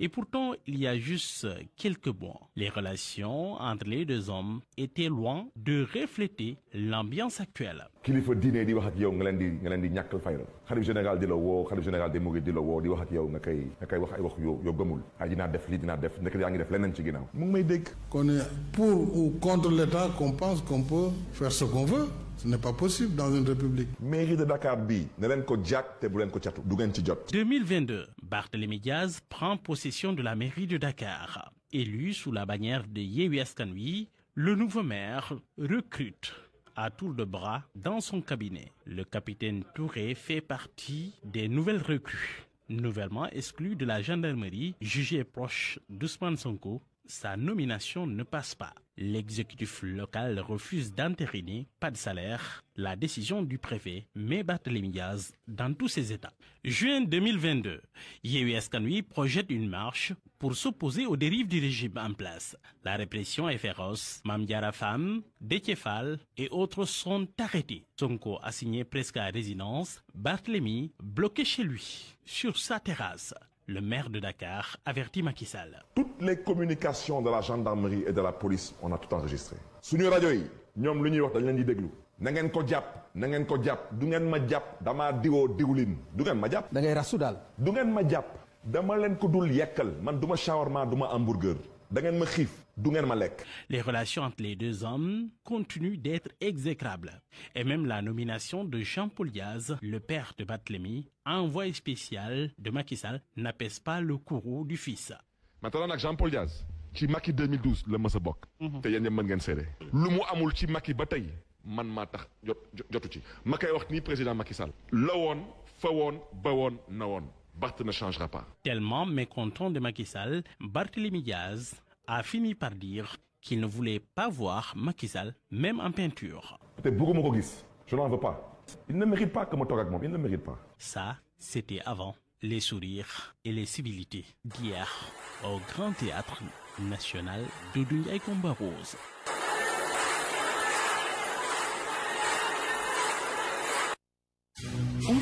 Et pourtant, il y a juste quelques mois, les relations entre les deux hommes étaient loin de refléter l'ambiance actuelle kilifa diine di wax ak yow nga leen di nga leen di ñàkkal fayal xalif général di la woo xalif général des mourides di la woo di wax ak yow nga koy nga koy wax ay wax yow yow gëmul ay dinaa def lii dinaa def ndek yaa ngi def leneen ci ginnaaw mu ngi may dégg qu'on pour ou contre l'État qu'on pense qu'on peut faire ce qu'on veut Ce n'est pas possible dans une république. Mairie de Dakar bi, ne len ko jack te bu len ko ciatu, du ngeen ci jot. 2022, Barthélémy Diaz prend possession de la mairie de Dakar. Élu sous la bannière de Yewi Askanui, le nouveau maire recrute à tour de bras dans son cabinet. Le capitaine Touré fait partie des nouvelles recrues, nouvellement exclu de la gendarmerie, jugé proche d'Ousmane Sonko. Sa nomination ne passe pas. L'exécutif local refuse d'entériner, pas de salaire, la décision du préfet, mais Barthélemy dans tous ses états. Juin 2022, Yehu Kanui projette une marche pour s'opposer aux dérives du régime en place. La répression est féroce. Mamdiara Fam, Dekefal et autres sont arrêtés. Sonko signé presque à résidence, Barthélemy bloqué chez lui, sur sa terrasse. Le maire de Dakar avertit Macky Sall. Toutes les communications de la gendarmerie et de la police, on a tout enregistré. suñu radio yi ñom luñuy wax dañ leen di déglu. na ngeen ko japp, na ngeen ko japp, du ngeen ma japp dama diwo diwulin, du ngeen ma japp. da ngay rasu dal. du ngeen ma japp dama leen ko dul yekkal man duma shawarma Duma hamburger les relations entre les deux hommes continuent d'être exécrables et même la nomination de Jean-Paul Diaz, le père de en envoyé spécial de Macky Sall, n'apaise pas le courroux du fils. Maintenant avec Jean-Paul Diaz ci Macky 2012 le mës a bokk. Mhm. te amul ci Macky batay man maa tax jot jotu ci wax ni président Macky Sall. lawone woon fa Bart ne changera pas. Tellement mécontent de Macky Sall, Barthélémy Diaz a fini par dire qu'il ne voulait pas voir Macky Sall, même en peinture. Je n'en veux pas. Il ne mérite pas que Il ne mérite pas. Ça, c'était avant les sourires et les civilités d'hier au Grand Théâtre National d'Oudouya et Rose.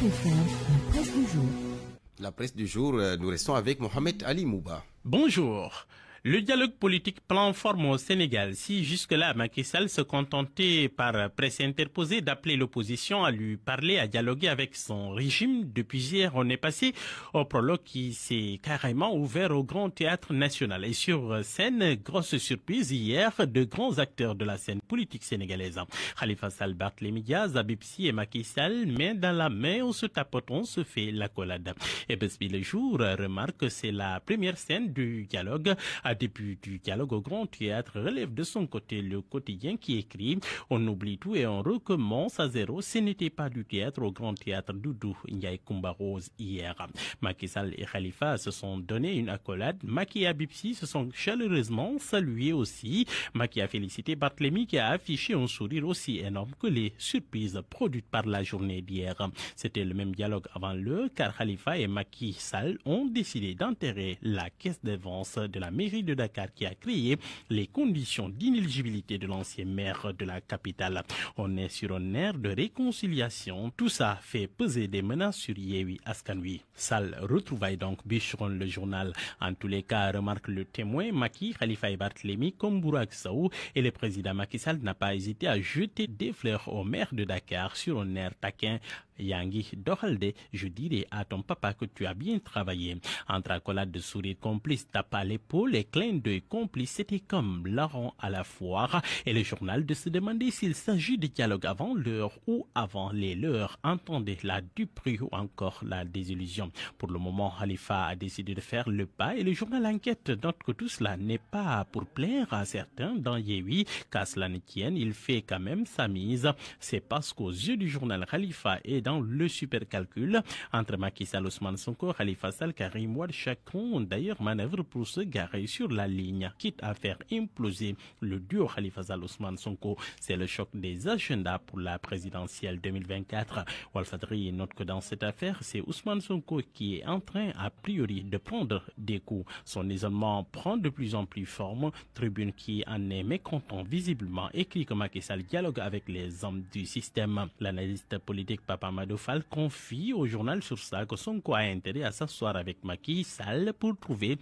la presse du la presse du jour, euh, nous restons avec Mohamed Ali Mouba. Bonjour. Le dialogue politique prend forme au Sénégal. Si jusque-là Macky Sall se contentait par presse interposée d'appeler l'opposition à lui parler, à dialoguer avec son régime, depuis hier on est passé au prologue qui s'est carrément ouvert au Grand Théâtre National. Et sur scène, grosse surprise hier, de grands acteurs de la scène politique sénégalaise. Khalifa Sall, Barthélémy Diaz, et Macky Sall, main dans la main, on se on se fait l'accolade. Et Besby le jour remarque que c'est la première scène du dialogue début du dialogue au Grand Théâtre relève de son côté le quotidien qui écrit On oublie tout et on recommence à zéro. Ce n'était pas du théâtre au Grand Théâtre Doudou Ndiaye Rose hier. Macky et Khalifa se sont donné une accolade. Macky et Abipsi se sont chaleureusement salués aussi. Macky a félicité Barthélemy qui a affiché un sourire aussi énorme que les surprises produites par la journée d'hier. C'était le même dialogue avant le car Khalifa et Macky ont décidé d'enterrer la caisse d'avance de la mairie de Dakar qui a créé les conditions d'inéligibilité de l'ancien maire de la capitale. On est sur un air de réconciliation. Tout ça fait peser des menaces sur Yewi Askanui. Sale retrouvaille donc bicheron le journal. En tous les cas, remarque le témoin Maki Khalifa et Barthélémy comme Saou et le président Macky Sall n'a pas hésité à jeter des fleurs au maire de Dakar sur un air taquin. Yangi Doralde, je dirais à ton papa que tu as bien travaillé. Entre accolades de sourire complice, tape à l'épaule et les clins d'œil complices étaient comme Laurent à la foire et le journal de se demander s'il s'agit de dialogue avant l'heure ou avant les leurs. Entendez la duperie ou encore la désillusion. Pour le moment, Khalifa a décidé de faire le pas et le journal enquête note que tout cela n'est pas pour plaire à certains dans Yewi, qu'à cela ne tienne, il fait quand même sa mise. C'est parce qu'aux yeux du journal Khalifa est dans le supercalcul entre Macky Sall, Ousmane Sonko, Khalifa Sall, Karim Ouad, chacun d'ailleurs manœuvre pour se garer sur la ligne, quitte à faire imploser le duo Khalifa Ousmane Sonko. C'est le choc des agendas pour la présidentielle 2024. Walfadri note que dans cette affaire, c'est Ousmane Sonko qui est en train, a priori, de prendre des coups. Son isolement prend de plus en plus forme. Tribune qui en est mécontent visiblement écrit que Macky Sall dialogue avec les hommes du système. L'analyste politique Papa Madofal confie au journal sur ça que Sonko a intérêt à s'asseoir avec Macky Sall pour trouver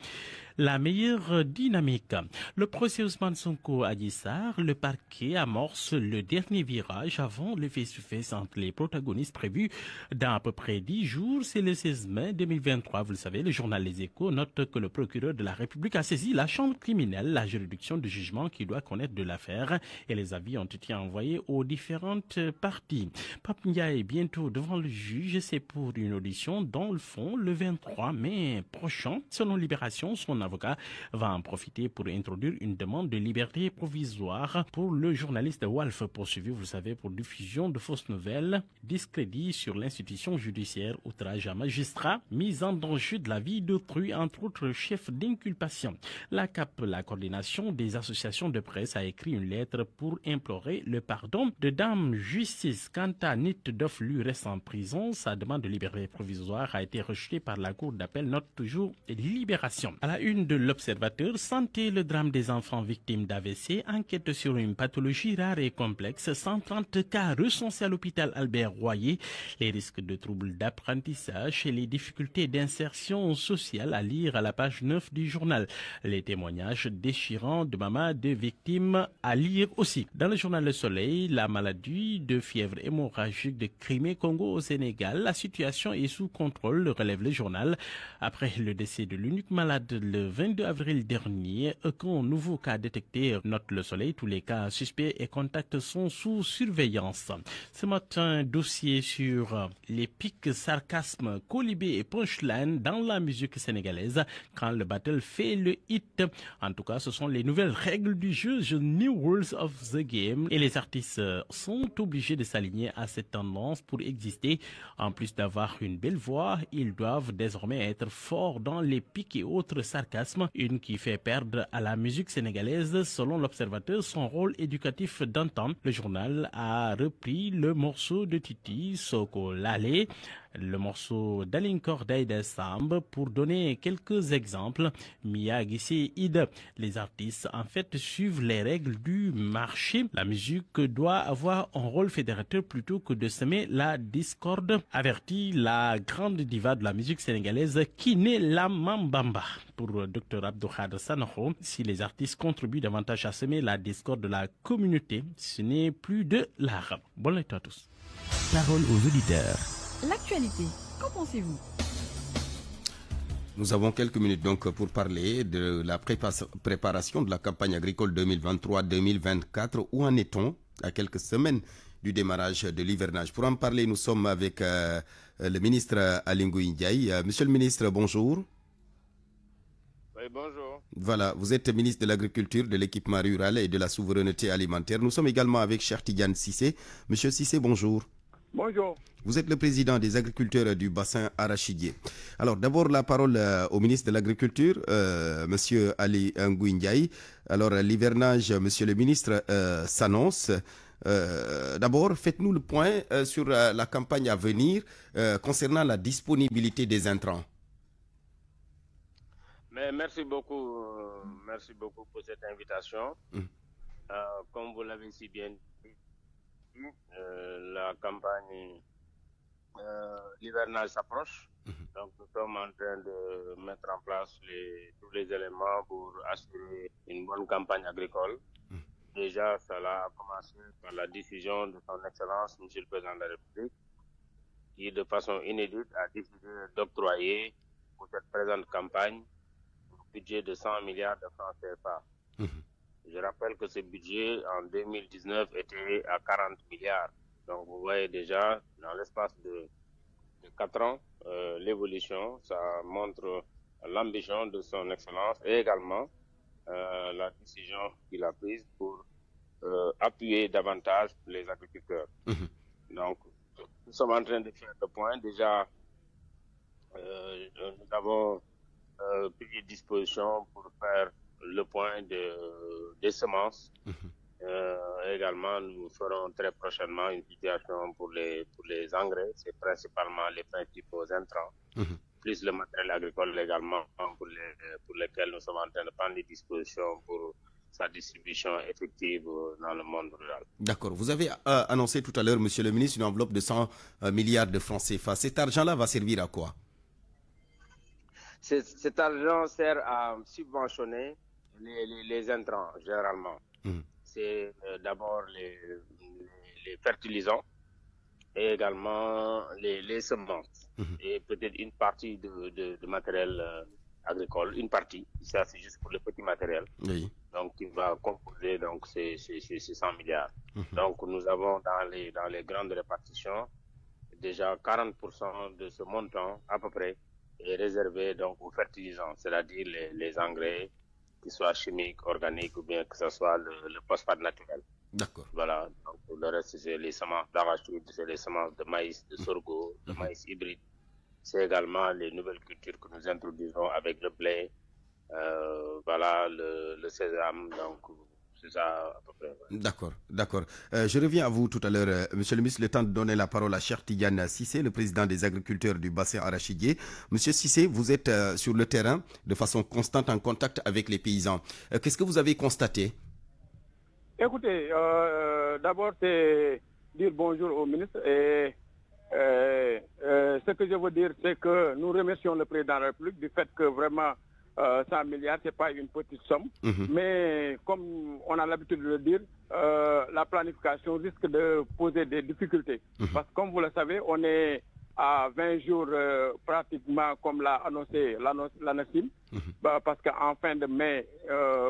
la meilleure dynamique. Le procès Ousmane Sonko à le parquet amorce le dernier virage avant le face face entre les protagonistes prévus dans à peu près 10 jours. C'est le 16 mai 2023. Vous le savez, le journal Les Échos note que le procureur de la République a saisi la chambre criminelle, la juridiction de jugement qui doit connaître de l'affaire et les avis ont été envoyés aux différentes parties. Papnia est bientôt devant le juge. C'est pour une audition dans le fond le 23 mai prochain. Selon Libération, son avocat va en profiter pour introduire une demande de liberté provisoire pour le journaliste Wolf, poursuivi, vous savez, pour diffusion de fausses nouvelles, discrédit sur l'institution judiciaire, outrage à magistrat, mise en danger de la vie d'autrui, entre autres chefs d'inculpation. La CAP, la coordination des associations de presse, a écrit une lettre pour implorer le pardon de Dame Justice. Quant à Nit Doff, lui reste en prison. Sa demande de liberté provisoire a été rejetée par la Cour d'appel, note toujours libération une de l'Observateur, Santé, le drame des enfants victimes d'AVC, enquête sur une pathologie rare et complexe, 130 cas recensés à l'hôpital Albert Royer, les risques de troubles d'apprentissage et les difficultés d'insertion sociale à lire à la page 9 du journal. Les témoignages déchirants de mamas de victimes à lire aussi. Dans le journal Le Soleil, la maladie de fièvre hémorragique de Crimée-Congo au Sénégal, la situation est sous contrôle, relève le journal. Après le décès de l'unique malade, le 22 avril dernier un nouveau cas détecté note le soleil. Tous les cas suspects et contacts sont sous surveillance. Ce matin, dossier sur les pics sarcasme, colibé et punchline dans la musique sénégalaise quand le battle fait le hit. En tout cas, ce sont les nouvelles règles du jeu, New Rules of the Game et les artistes sont obligés de s'aligner à cette tendance pour exister. En plus d'avoir une belle voix, ils doivent désormais être forts dans les pics et autres sarcasmes une qui fait perdre à la musique sénégalaise, selon l'observateur, son rôle éducatif d'antan. Le journal a repris le morceau de Titi Soko le morceau d'Alinkor de Samb pour donner quelques exemples. Mia Les artistes, en fait, suivent les règles du marché. La musique doit avoir un rôle fédérateur plutôt que de semer la discorde, avertit la grande diva de la musique sénégalaise Kiné la Mambamba. Pour Dr Abdoukhad Sanoho, si les artistes contribuent davantage à semer la discorde de la communauté, ce n'est plus de l'art. Bonne nuit à tous. Parole aux auditeurs. L'actualité, qu'en pensez-vous nous avons quelques minutes donc pour parler de la préparation de la campagne agricole 2023-2024. Où en est-on à quelques semaines du démarrage de l'hivernage Pour en parler, nous sommes avec euh, le ministre Alingou euh, Monsieur le ministre, bonjour. Oui, bonjour. Voilà, vous êtes ministre de l'Agriculture, de l'équipement rural et de la souveraineté alimentaire. Nous sommes également avec Cher Tidiane Sissé. Monsieur Sissé, bonjour. Bonjour. Vous êtes le président des agriculteurs du bassin arachidier. Alors d'abord la parole euh, au ministre de l'Agriculture, euh, Monsieur Ali Nguyen Alors l'hivernage, Monsieur le ministre, euh, s'annonce. D'abord, faites-nous le point sur la campagne à venir concernant la disponibilité des intrants. Mais merci beaucoup, merci beaucoup pour cette invitation. Hum. comme vous l'avez si bien Mm-hmm. Euh, la campagne euh, hivernale s'approche. Mm-hmm. Donc nous sommes en train de mettre en place tous les éléments pour assurer une bonne campagne agricole. Mm-hmm. Déjà, cela a commencé par la décision de son Excellence, Monsieur le Président de la République, qui, de façon inédite, a décidé d'octroyer pour cette présente campagne un budget de 100 milliards de francs CFA. Je rappelle que ce budget en 2019 était à 40 milliards. Donc vous voyez déjà, dans l'espace de, de, 4 ans, euh, l'évolution, ça montre l'ambition de son excellence et également euh, la décision qu'il a prise pour euh, appuyer davantage les agriculteurs. Mhm. Donc nous sommes en train de faire le point. Déjà, euh, nous avons euh, pris des dispositions pour faire le point de, des semences. Mhm. Euh, également, nous ferons très prochainement une situation pour les, pour les engrais. C'est principalement les principaux intrants, mhm. plus le matériel agricole également pour, les, pour nous sommes en train de prendre des dispositions pour sa distribution effective euh, dans le monde rural. D'accord. Vous avez euh, annoncé tout à l'heure, Monsieur le ministre, une enveloppe de 100 milliards de francs CFA. Cet argent-là va servir à quoi Cet argent sert à subventionner les, intrants, généralement, hmm. c'est euh, d'abord les, les, fertilisants et également les, semences hmm. et peut-être une partie de, de, matériel euh, agricole, une partie. Ça, c'est juste pour le petit matériel. Donc, qui va composer donc, ces, 100 milliards. Hmm. Donc, nous avons dans les, dans les grandes répartitions déjà 40% de ce montant, à peu près, est réservé donc aux fertilisants, c'est-à-dire les, les, engrais, qu'il soit chimique, organique ou bien que ce soit le, le phosphate naturel. D'accord. Voilà. Donc, pour le reste, c'est les semences d'arachide, c'est les semences de maïs, de mhm. sorgho, de mhm. maïs hybride. C'est également les nouvelles cultures que nous introduisons avec le blé, euh, voilà, le, le sésame, donc c'est ça à peu D'accord, d'accord. Euh, je reviens à vous tout à l'heure, euh, Monsieur le ministre, le temps de donner la parole à Cher Tidiane Sissé, le président des agriculteurs du bassin arachidier. Monsieur Sissé, vous êtes euh, sur le terrain de façon constante en contact avec les paysans. Qu'est-ce que vous avez constaté Écoutez, d'abord, c'est dire bonjour au ministre et ce que je veux dire, c'est que nous remercions le président de la République du fait que vraiment 100 euh, milliards, ce n'est pas une petite somme. Mhm. Mais comme on a l'habitude de le dire, euh, la planification risque de poser des difficultés. Mhm. Parce que comme vous le savez, on est à 20 jours euh, pratiquement comme l'a annoncé l'ANASIM, mhm. bah, parce qu'en fin de mai,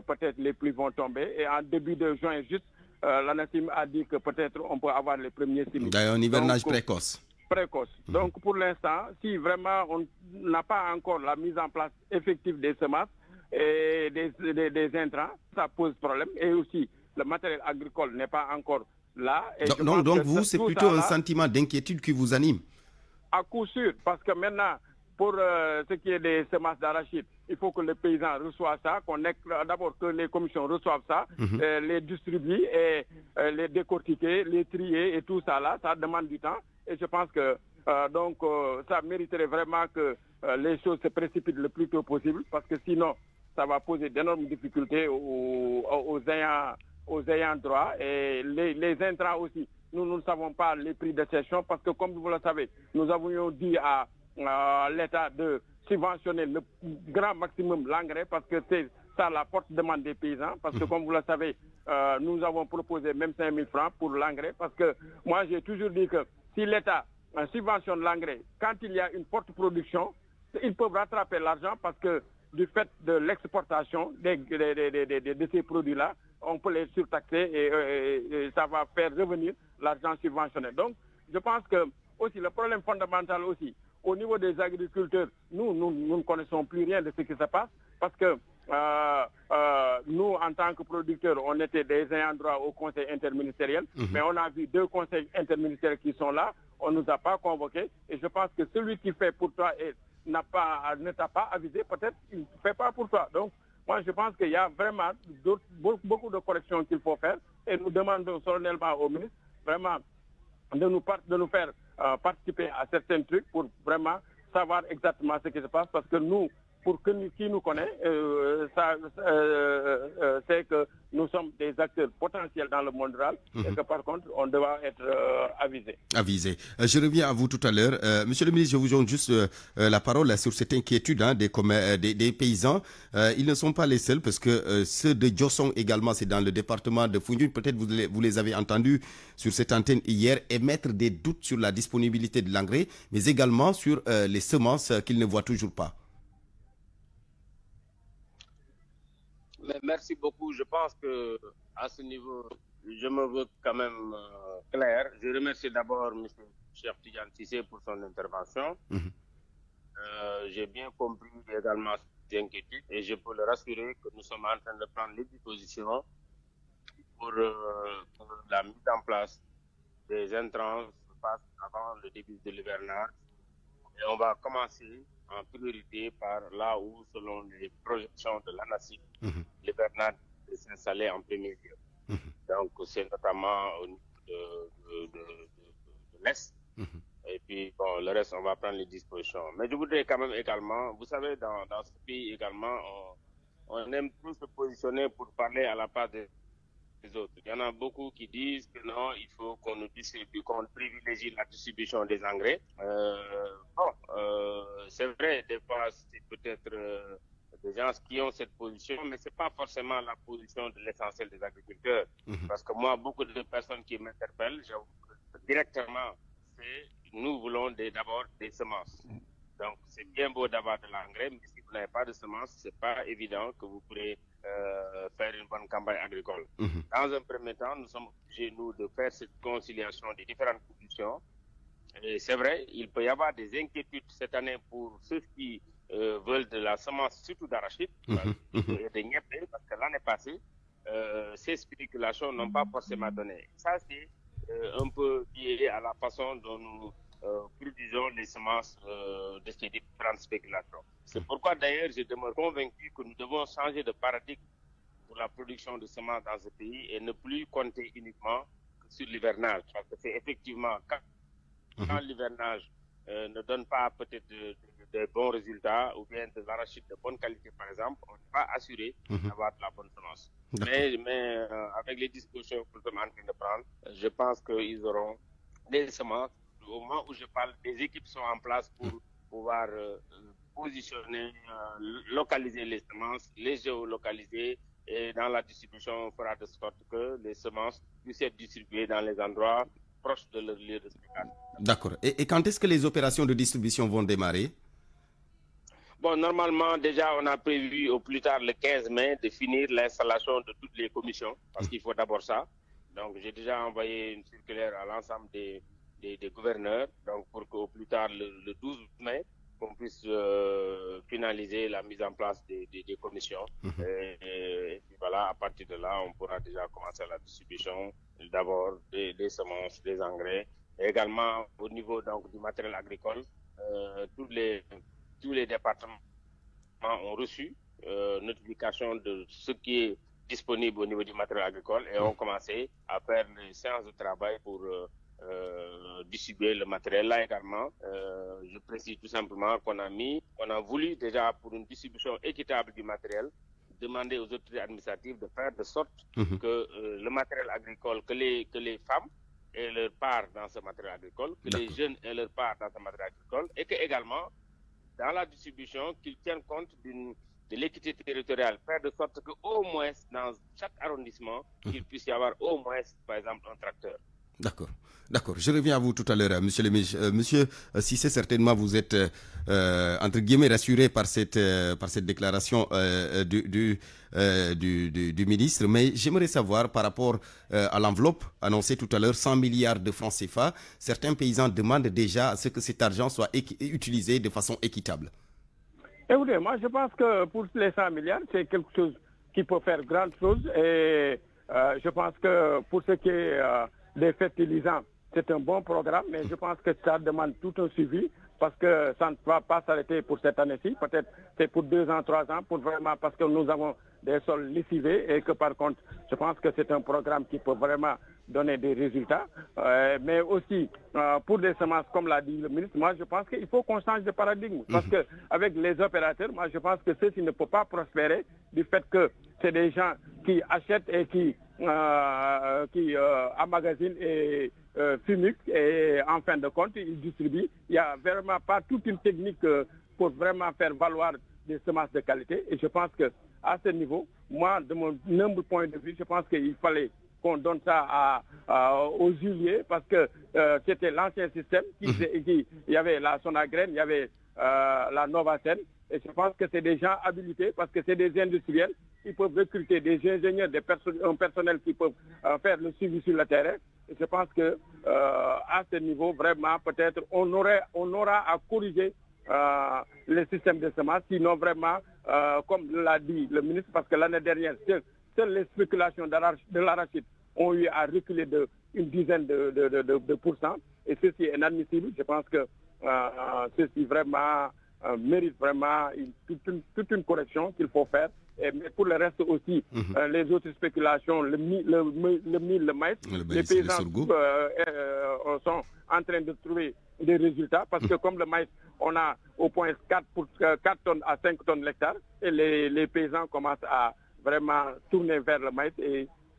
peut-être les pluies vont tomber. Et en début de juin, juste, l'ANACIM a dit que peut-être on peut avoir les premiers signes. D'ailleurs, un hivernage précoce précoce. Mhm. Donc pour l'instant, si vraiment on n'a pas encore la mise en place effective des semences et des, intrants, ça pose problème. Et aussi, le matériel agricole n'est pas encore là. donc, donc, vous, c'est plutôt un sentiment d'inquiétude qui vous anime À coup sûr, parce que maintenant, pour euh, ce qui est des semences d'arachide, il faut que les paysans reçoivent ça, qu'on d'abord que les commissions reçoivent ça, mhm. euh, les distribuent et euh, les décortiquer, les trier et tout ça là, ça demande du temps. Et je pense que euh, donc euh, ça mériterait vraiment que euh, les choses se précipitent le plus tôt possible, parce que sinon, ça va poser d'énormes difficultés aux, ayants, aux droit et les, intrants aussi. Nous, ne savons pas les prix de cession parce que, comme vous le savez, nous avons dit à l'État de subventionner le grand maximum l'engrais parce que c'est ça la forte demande des paysans, parce que mhm. comme vous le savez, euh, nous avons proposé même 5 000 francs pour l'engrais, parce que moi j'ai toujours dit que si l'État euh, subventionne l'engrais, quand il y a une forte production, ils peuvent rattraper l'argent parce que du fait de l'exportation de, ces produits-là, on peut les surtaxer euh, et, ça va faire revenir l'argent subventionné. Donc, je pense que aussi le problème fondamental aussi, au niveau des agriculteurs, nous, nous, nous ne connaissons plus rien de ce qui se passe parce que euh, euh, nous, en tant que producteurs, on était des ayants droit au conseil interministériel, mhm. mais on a vu deux conseils interministériels qui sont là. On ne nous a pas convoqués. Et je pense que celui qui fait pour toi et n'a pas, ne t'a pas avisé, peut-être il ne fait pas pour toi. Donc, moi, je pense qu'il y a vraiment beaucoup de corrections qu'il faut faire. Et nous demandons solennellement au ministre, vraiment, de nous, de nous faire euh, participer à certains trucs pour vraiment savoir exactement ce qui se passe. Parce que nous, pour que qui nous connaît, euh, euh, ça, euh, c'est que nous sommes des acteurs potentiels dans le monde rural et mhm. que par contre, on doit être avisé. Avisé. Je reviens à vous tout à l'heure. Monsieur le ministre, je vous donne juste la parole sur cette inquiétude hein, des, des, paysans. ils ne sont pas les seuls parce que ceux de Josson également, c'est dans le département de Foundiou. Peut-être vous, vous les avez entendus sur cette antenne hier émettre des doutes sur la disponibilité de l'engrais, mais également sur les semences qu'ils ne voient toujours pas. merci beaucoup. Je pense que à ce niveau, je me veux quand même euh, clair. Je remercie d'abord M. Cheikh Tidjan pour son intervention. Mhm. Euh, j'ai bien compris également ses inquiétudes et je peux le rassurer que nous sommes en train de prendre les dispositions pour, euh, la mise en place des entrances avant le début de l'hivernage. Et on va commencer priorité par là où, selon les projections de la mm les Bernard s'installer en premier lieu. Mhm. Donc, c'est notamment au niveau de, l'Est. Mhm. Et puis, bon, le reste, on va prendre les dispositions. Mais je voudrais quand même également, vous savez, dans, ce pays également, on, aime plus se positionner pour parler à la part des il y en a beaucoup qui disent que non, il faut qu'on nous distribue, qu'on privilégie la distribution des engrais. Euh, bon, euh, c'est vrai, des fois, c'est peut-être euh, des gens qui ont cette position, mais c'est pas forcément la position de l'essentiel des agriculteurs. Mhm. Parce que moi, beaucoup de personnes qui m'interpellent, directement, c'est nous voulons d'abord des semences. Donc, c'est bien beau d'avoir de l'engrais, mais si vous n'avez pas de semences, c'est pas évident que vous pourrez euh, faire une bonne campagne agricole. Mhm. Dans un premier temps, nous sommes obligés, nous, de faire cette conciliation des différentes productions. Et c'est vrai, il peut y avoir des inquiétudes cette année pour ceux qui euh, veulent de la semence, surtout d'arachide, mhm. mhm. de parce que l'année passée, euh, ces spéculations n'ont pas forcément donné. Ça, c'est un peu lié à la façon dont nous euh, plus disons les semences euh, de ces différentes spéculations. C'est pourquoi d'ailleurs je demeure convaincu que nous devons changer de paradigme pour la production de semences dans ce pays et ne plus compter uniquement sur l'hivernage. Parce que c'est effectivement quand, mhm. l'hivernage euh, ne donne pas peut-être de, bons résultats ou bien des arachides de bonne qualité, par exemple, on n'est pas assuré mhm. d'avoir de la bonne semence. Mais, avec les discussions que nous sommes en train de prendre, je pense qu'ils auront des semences au moment où je parle, des équipes sont en place pour mm. pouvoir euh, positionner, euh, localiser les semences, les géolocaliser et dans la distribution, on fera de sorte que les semences puissent être distribuées dans les endroits proches de leur lieu de stockage. D'accord. Et, et, quand est-ce que les opérations de distribution vont démarrer Bon, normalement, déjà, on a prévu au plus tard le 15 mai de finir l'installation de toutes les commissions, parce mm. qu'il faut d'abord ça. Donc, j'ai déjà envoyé une circulaire à l'ensemble des, des, gouverneurs, donc pour qu'au plus tard, le, 12 mai, qu'on puisse euh, finaliser la mise en place des, commissions. Mhm. Euh, et, voilà, à partir de là, on pourra déjà commencer la distribution d'abord des, semences, des engrais, et également au niveau donc du matériel agricole. Euh, tous les tous les départements ont reçu notification de ce qui est disponible au niveau du matériel agricole et ont mhm. commencé à faire des séances de travail pour euh, distribuer le matériel là également. Euh, je précise tout simplement qu'on a mis, on a voulu déjà pour une distribution équitable du matériel demander aux autorités administratives de faire de sorte mhm. que euh, le matériel agricole, que les, que les femmes aient leur part dans ce matériel agricole, que les jeunes aient leur part dans ce matériel agricole et que également dans la distribution qu'ils tiennent compte de l'équité territoriale, faire de sorte qu'au moins dans chaque arrondissement, mhm. qu'il il puisse y avoir au moins, par exemple, un tracteur. D'accord. D'accord, je reviens à vous tout à l'heure, euh, monsieur le ministre. Euh, monsieur euh, Sissé, certainement vous êtes, entre guillemets, rassuré par cette, par cette déclaration du, du, ministre, mais j'aimerais savoir par rapport à l'enveloppe annoncée tout à l'heure, 100 milliards de francs CFA, certains paysans demandent déjà à ce que cet argent soit utilisé de façon équitable. Écoutez, moi je pense que pour les 100 milliards, c'est quelque chose qui peut faire grande chose et je pense que pour ce qui est les fertilisants. C'est un bon programme, mais je pense que ça demande tout un suivi parce que ça ne va pas s'arrêter pour cette année-ci. Peut-être c'est pour deux ans, trois ans, pour vraiment parce que nous avons des sols lessivés et que par contre, je pense que c'est un programme qui peut vraiment donner des résultats. Euh, mais aussi, euh, pour des semences, comme l'a dit le ministre, moi je pense qu'il faut qu'on change de paradigme. Mhm. Parce qu'avec les opérateurs, moi je pense que ceci ne peut pas prospérer du fait que c'est des gens qui achètent et qui, euh, qui euh, emmagasinent et fument et en fin de compte, ils distribuent. Il n'y a vraiment pas toute une technique pour vraiment faire valoir des semences de qualité. Et je pense que à ce niveau, moi, de mon de point de vue, je pense qu'il fallait qu'on donne ça à, aux huiliers parce que euh, c'était l'ancien système mhm. qui, il y avait la Sonagraine, il y avait euh, la Seine. Et je pense que c'est des gens habilités parce que c'est des industriels. Ils peuvent recruter des ingénieurs, des personnes, un personnel qui peuvent euh, faire le suivi sur le terrain. Et je pense que à ce niveau, vraiment, peut-être, on, on aura à corriger euh, les systèmes de semences, sinon vraiment, euh, comme l'a dit le ministre, parce que l'année dernière, seules les spéculations de l'arachide ont eu à reculer de une dizaine de, de, pourcents. Et ceci est inadmissible. Je pense que euh, ceci vraiment mérite vraiment toute une correction qu'il faut faire mais pour le reste aussi, mhm. euh, les autres spéculations, le mil, le, maïs, les paysans euh, euh, sont en train de trouver des résultats parce que mhm. comme le maïs, on a au point 4, pour, 4 tonnes à 5 tonnes l'hectare et les, paysans commencent à vraiment tourner vers le maïs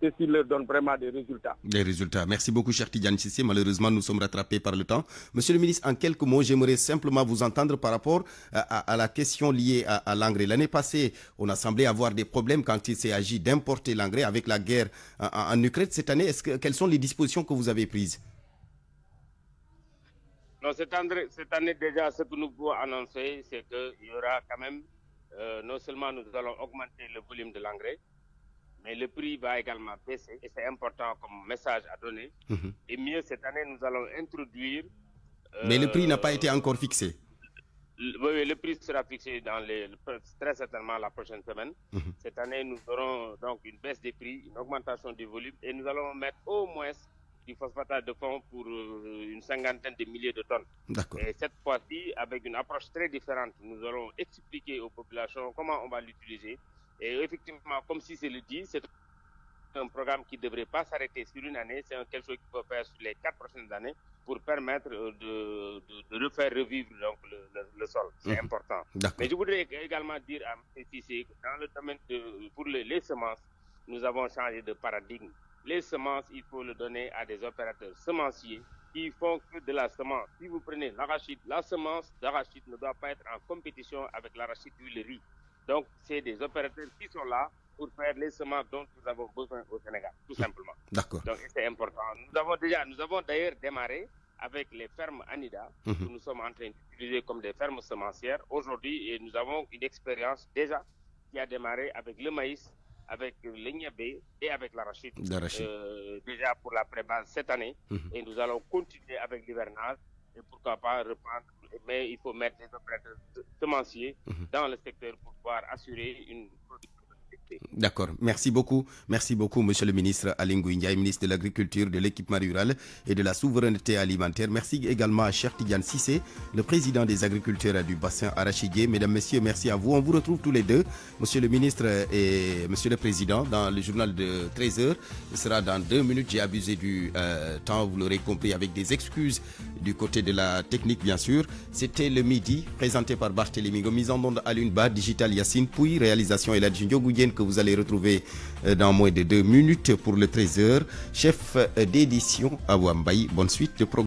et s'il leur donne vraiment des résultats. Des résultats. Merci beaucoup, cher Tidiane Sissi. Malheureusement, nous sommes rattrapés par le temps. Monsieur le ministre, en quelques mots, j'aimerais simplement vous entendre par rapport euh, à, la question liée à, l'engrais. L'année passée, on a semblé avoir des problèmes quand il s'est agi d'importer l'engrais avec la guerre en, Ukraine. Cette année, quelles sont les dispositions que vous avez prises cette année, déjà, ce que nous pouvons annoncer, c'est qu'il y aura quand même, euh, non seulement nous allons augmenter le volume de l'engrais, mais le prix va également baisser et c'est important comme message à donner. Mhm. Et mieux, cette année, nous allons introduire. Euh, mais le prix n'a pas été encore fixé. Oui, le prix sera fixé dans les, très certainement la prochaine semaine. Mhm. Cette année, nous aurons donc une baisse des prix, une augmentation du volume, et nous allons mettre au moins du phosphate de fond pour euh, une cinquantaine de milliers de tonnes. Et cette fois-ci, avec une approche très différente, nous allons expliquer aux populations comment on va l'utiliser et effectivement, comme si c'est le dit, c'est un programme qui ne devrait pas s'arrêter sur une année, c'est quelque chose qu'il peut faire sur les quatre prochaines années pour permettre euh, de, de, de refaire revivre donc, le, le, sol. C'est mhm. important. Mais je voudrais également dire à M. Tissé que dans le domaine pour les, semences, nous avons changé de paradigme. Les semences, il faut le donner à des opérateurs semenciers qui font que de la semence. Si vous prenez l'arachide, la semence d'arachide ne doit pas être en compétition avec l'arachide du riz. Donc, c'est des opérateurs qui sont là pour faire les semences dont nous avons besoin au Sénégal, tout simplement. D'accord. Donc, c'est important. Nous avons déjà, nous avons d'ailleurs démarré avec les fermes Anida, que mhm. nous sommes en train d'utiliser comme des fermes semencières aujourd'hui, et nous avons une expérience déjà qui a démarré avec le maïs, avec l'ignabé et avec l'arachide, euh, déjà pour la prébase cette année, mhm. et nous allons continuer avec l'hivernage, et pourquoi pas reprendre mais il faut mettre des opérateurs semenciers mhm. dans le secteur pour pouvoir assurer une production D'accord. Merci beaucoup. Merci beaucoup, Monsieur le ministre Alingou ministre de l'Agriculture, de l'équipement rural et de la souveraineté alimentaire. Merci également à Cher Tidiane Sissé, le président des agriculteurs du bassin Arachidier. Mesdames, Messieurs, merci à vous. On vous retrouve tous les deux, Monsieur le ministre et Monsieur le président, dans le journal de 13h. Ce sera dans deux minutes. J'ai abusé du euh, temps, vous l'aurez compris, avec des excuses du côté de la technique, bien sûr. C'était le midi, présenté par Barthélémy mise en monde à l'une barre, Digital Yacine puis réalisation et la vous allez retrouver euh, dans moins de deux minutes pour le 13h. Chef euh, d'édition à Wambaï, bonne suite de programme.